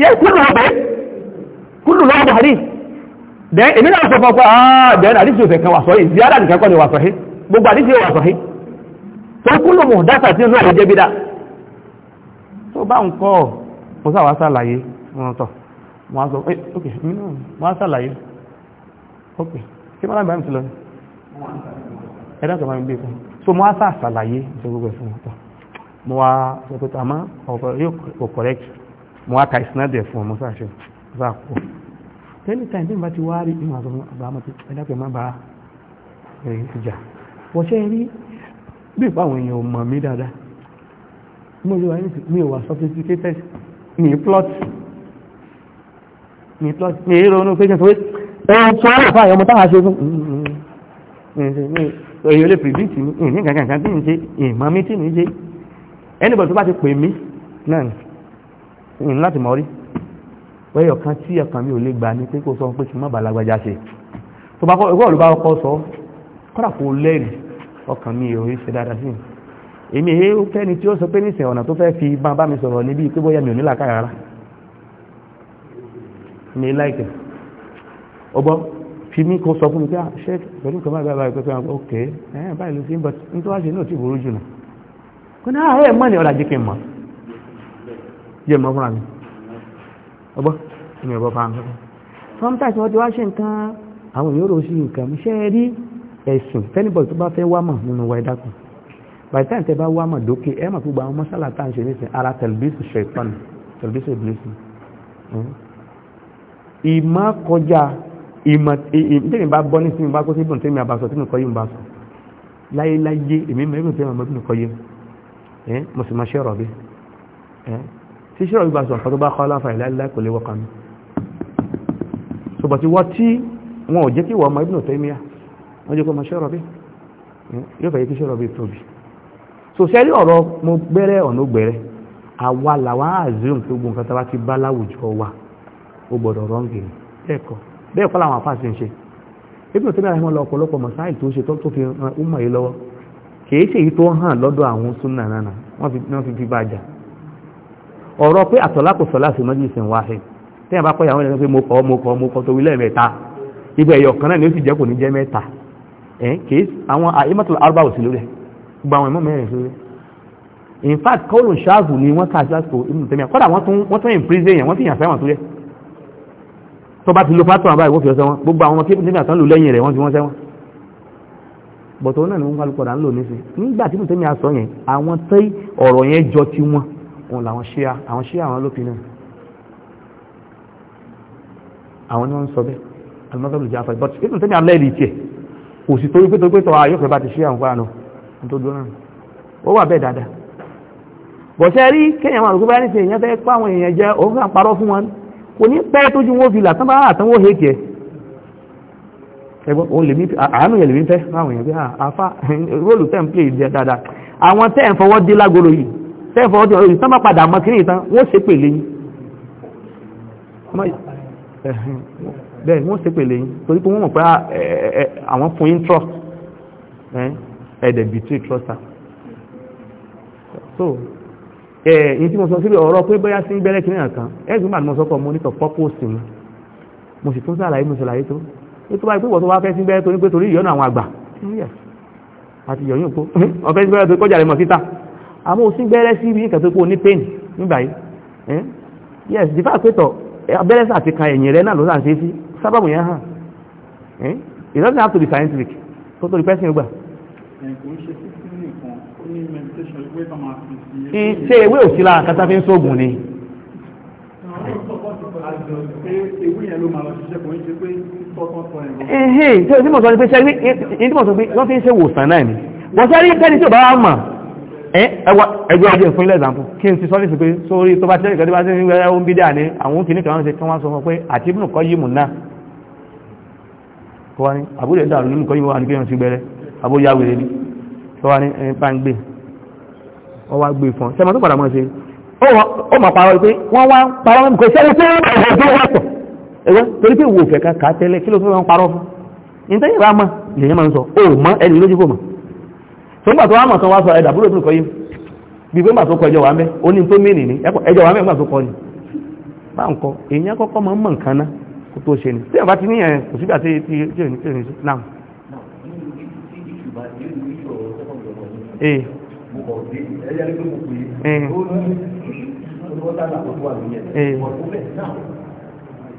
yes kúlù lọ́wọ́ bẹ̀rẹ̀ kúlù lọ́wọ́ bọ̀ hadith then èmi náà sọ fọ́pọ́ ah then hadith yóò fẹ́ kan wà sọ́hí ziyara nìkan kọ́ ni wà sọ́hí gbogbo hadith yóò wà sọ́hí tó kúlù mọ̀ dáta tí ó náà jẹ́ bídá tó bá ń kọ́ mo sáwà sàlàyé wọn tọ̀ mo á sọ eh ok mi e so mo á sàlàyé ìṣẹ́ gbogbo ẹ̀fún wọn tọ̀ mo wá sọ pé yóò correct mo wá ka ìsinádẹ̀ fún ọmọ sáṣẹ sáà pọ̀ tẹ́lẹ̀ táìmì bá ti wá rí ìmọ̀ àtọ́mọ́ àbámọ́ ti ẹ̀dàpẹ̀ má bá ẹ̀yìn ti jà wọ́ṣẹ́ rí bí ìpáwọn èèyàn mọ̀ mí dáadáa mo lè wà ní mi ò sophisticated mi plot mi plot mi èrò onú pé kí n sọ pé ẹ̀rọ tí wọ́n lè fà ọmọ táwa ṣe fún èèyàn mm, mm, mm. lè predict mi ní gàgàgà tí mi ṣe ìmọ̀ mi tí mi ṣe anybody tó bá ti pè mí náà ìrìn láti mọ̀ rí wẹ́yọ̀ kan tí ẹ̀kan mi ò lè gbà ní pé kó sọ pé kí n má bàlágbàjá ṣe tó bá kọ́ ẹgbẹ́ olùbá ọkọ̀ sọ kọ́dà kó ọkàn mi ò rí ṣe fi bá bá mi sọ̀rọ̀ níbi pé bóyá mi ò nílà káyà rárá láìkẹ̀ ọgbọ́ fi mí kó sọ fún mi pé ṣé pẹ̀lú jẹ́ mọ́ fúnra mi ọgbọ́ ẹ̀mí ọ̀bọ̀ fara mi sometimes wọ́n ti wá ṣe nǹkan àwọn èèyàn rò sí nǹkan iṣẹ́ rí ẹ̀sùn fẹ́nìbọ̀dì tó bá fẹ́ wá mọ̀ nínú wa ẹ̀dákun by the time tẹ bá wá mọ̀ dókè ẹ mà gbogbo àwọn mọ́sálà tá à ń ṣe nísìn ara tẹlifíṣù ṣẹ̀tàn tẹlifíṣù ìbílẹ̀sì ìmọ̀ kọjá ìmọ̀ tẹ́mi bá bọ́ nísìn bá kó sí ibùn tẹ́mi àbàṣọ tẹ́mi kọ́ yìí bá sọ láyé láyé èmi mọ̀ ibùn tẹ́mi àbàṣọ tẹ́mi kọ́ yìí mo sì máa ṣe ọ̀rọ̀ bí tí ṣe rọ̀ gbàṣọ àkọ́ tó bá kọ́ aláfà ìlàlá kò lè wọ́ka mi ṣùgbọ́n tí wọ́n tí wọn ò jẹ́ kí wọ́n ọmọ Ibn Taymiyyah wọ́n jẹ́ kó mọ ṣọ́rọ̀ bí hmm, bí tóbi so sẹ́rí ọ̀rọ̀ mo gbẹ́rẹ́ ọ̀nà gbẹ́rẹ́ àwa làwọn àzíùn tó gbọ́n kátà bá ti bá láwùjọ wa ó gbọ́dọ̀ rọ́ǹgì ni bẹ́ẹ̀ kọ́ bẹ́ẹ̀ kọ́ làwọn afáàsì ń ṣe Ibn Taymiyyah wọn lọ ọ̀pọ̀lọpọ̀ mọ̀sáì tó ṣe tó fi hàn ọ̀rọ̀ pé àtọ̀lákò sọ̀lá sí mọ́jú ìsìn wáhì tí a bá pẹ́ àwọn ènìyàn pé mo kọ́ mo kọ́ mo kọ́ tó wílẹ̀ mẹ́ta ibẹ̀ ẹ̀yọ̀ kan náà ni ó sì jẹ́ kò ní jẹ́ mẹ́ta ẹ̀ kìí àwọn àìmọ́tòlá arúgbà òsì lórí gbogbo àwọn ẹ̀mọ́ mẹ́rin in fact kọ́ọ̀lù ṣáàbù ni wọ́n ká ṣáàbù inú tẹ́mi àkọ́dà wọ́n tún ìprísẹ̀ èèyàn wọ́n sì yàn fẹ́wọ̀n tó yẹ tó bá ti lo pátọ̀ àbáyé wọ́n fi ọsẹ́ wọn gbogbo àwọn kéèkù tẹ́mi àtàn lò lẹ́yìn rẹ̀ wọ́n ti wọ́n sẹ́wọ̀n bọ̀tọ̀ náà ni wọ́n kálukọ̀dà ń lò nísìn nígbà tí tẹ́mi àsọ yẹn àwọn tẹ́ ọ̀rọ̀ yẹn jọ ti wọn òun làwọn ṣíà àwọn ṣíà àwọn lópinú àwọn ni wọ́n ń sọ bẹ́ẹ̀ alimọ́sọ́lù jẹ́ àfẹ́ but ètò tẹ́mi alẹ́ ìrì tiẹ̀ kò sì torí pé torípé tọ́wọ́ ayọ́kẹ́ ah, bá ti ṣíà àwọn fáànù tó dúró náà ó wà bẹ́ẹ̀ dáadáa bọ̀ ṣe rí kéèyàn máa rògbé bá ní ṣe èèyàn fẹ́ pa àwọn èèyàn jẹ́ òun kàn parọ́ fún wọn kò ní pẹ́ tójú wọn fi làtán bá àtàwọn òhè tiẹ̀ àánú yẹn lèmi fẹ́ fáwọn èèyàn bí ah, àfá róòlù tẹ́ ń pè dáadáa àwọn tẹ́ ń fọwọ́ dé lágolo yìí tẹ́fọ́ ọdún ọ̀rọ̀ ìsánmà padà mọ́ kí ní ìtàn wọ́n ṣe pèlè yìí bẹ́ẹ̀ wọ́n ṣe pèlè yìí torí pé wọ́n mọ̀ pé ah, àwọn fún yín trust ẹ̀ẹ́dẹ̀ betray trust so ẹ̀yìn tí mo sọ sílẹ̀ ọ̀rọ̀ pé bóyá sí bẹ́rẹ̀ kí nìyàn kan ẹ̀sùn bá ní mo sọ pọ̀ mo ní tọ̀pọ̀ pósì mi mo sì tún sàlàyé mo sàlàyé tó ní tó bá ìpínwọ̀ tó wá fẹ́ sí bẹ́rẹ̀ torí pé torí ìyọ́nà àwọn àgbà àti ìyọ̀yún òpó <laughs> ọ̀fẹ́ sí bẹ́rẹ̀ tó kọjá rẹ̀ mọ̀ síta àmọ́ ò sí gbẹ́rẹ́ sí ibi nǹkan tó kó ní pain nígbà yìí yes the fact pétọ̀ abẹ́rẹ́ sà ti kan ẹ̀yìn rẹ náà ló sàn ṣe sí sábàbù yẹn hàn it doesn't have to be scientific tó tó di pẹ́sìn gbà. ṣe ewé ò sí lára kátà fi ń sóògùn ni. ṣe ìdí mọ̀ sọ ni pé wọ́n fi ń ṣe wòsàn náà ni wọ́n sáré pẹ́ni tí ò bá wà mọ̀ ẹgbẹ́ ọdún fún ilẹ̀ ìzàmpù kí n ti sọ́lẹ̀ sí pé sórí tó bá tẹ́lẹ̀ ìkẹ́lẹ́ bá tẹ́lẹ̀ ìgbẹ́ ohun bídà ní àwọn òkè nìkan ṣe kán wá sọ fún pé àti Ibn Qayyim náà kọ́ ní àbúrò ẹ̀dà àrùn Ibn Qayyim wà ní kéèyàn sí gbẹ̀rẹ̀ àbóyá wèrè ní tó wá ní bá ń gbé wọ́n wá gbé fún sẹ́mọ́ tó padà mọ́ ṣe ó mọ̀ parọ́ pé wọ́n wá parọ́ mọ́ kò sẹ́ni tó ẹ̀rọ torí pé wò fẹ́ ká tẹ́lẹ̀ kí ló fẹ́ wọn parọ́ fún ní tẹ́yìn bá mọ̀ lèyìn máa ń sọ ó mọ́ ẹni lójú kò mọ̀ nígbà tó wá mọ̀ tán wá sọ ẹ̀dà búrò tó kọ yìí bí pé màtó kọ ẹjọ́ wà mẹ́ ó ní tó mí nìní ẹjọ́ wà mẹ́ màtó kọ ni bá ń kọ èèyàn kọ́kọ́ mọ̀ ń mọ̀ nǹkan náà kó tó ṣe ni tí ẹ̀bá ti níyàn kò sígbà tí tí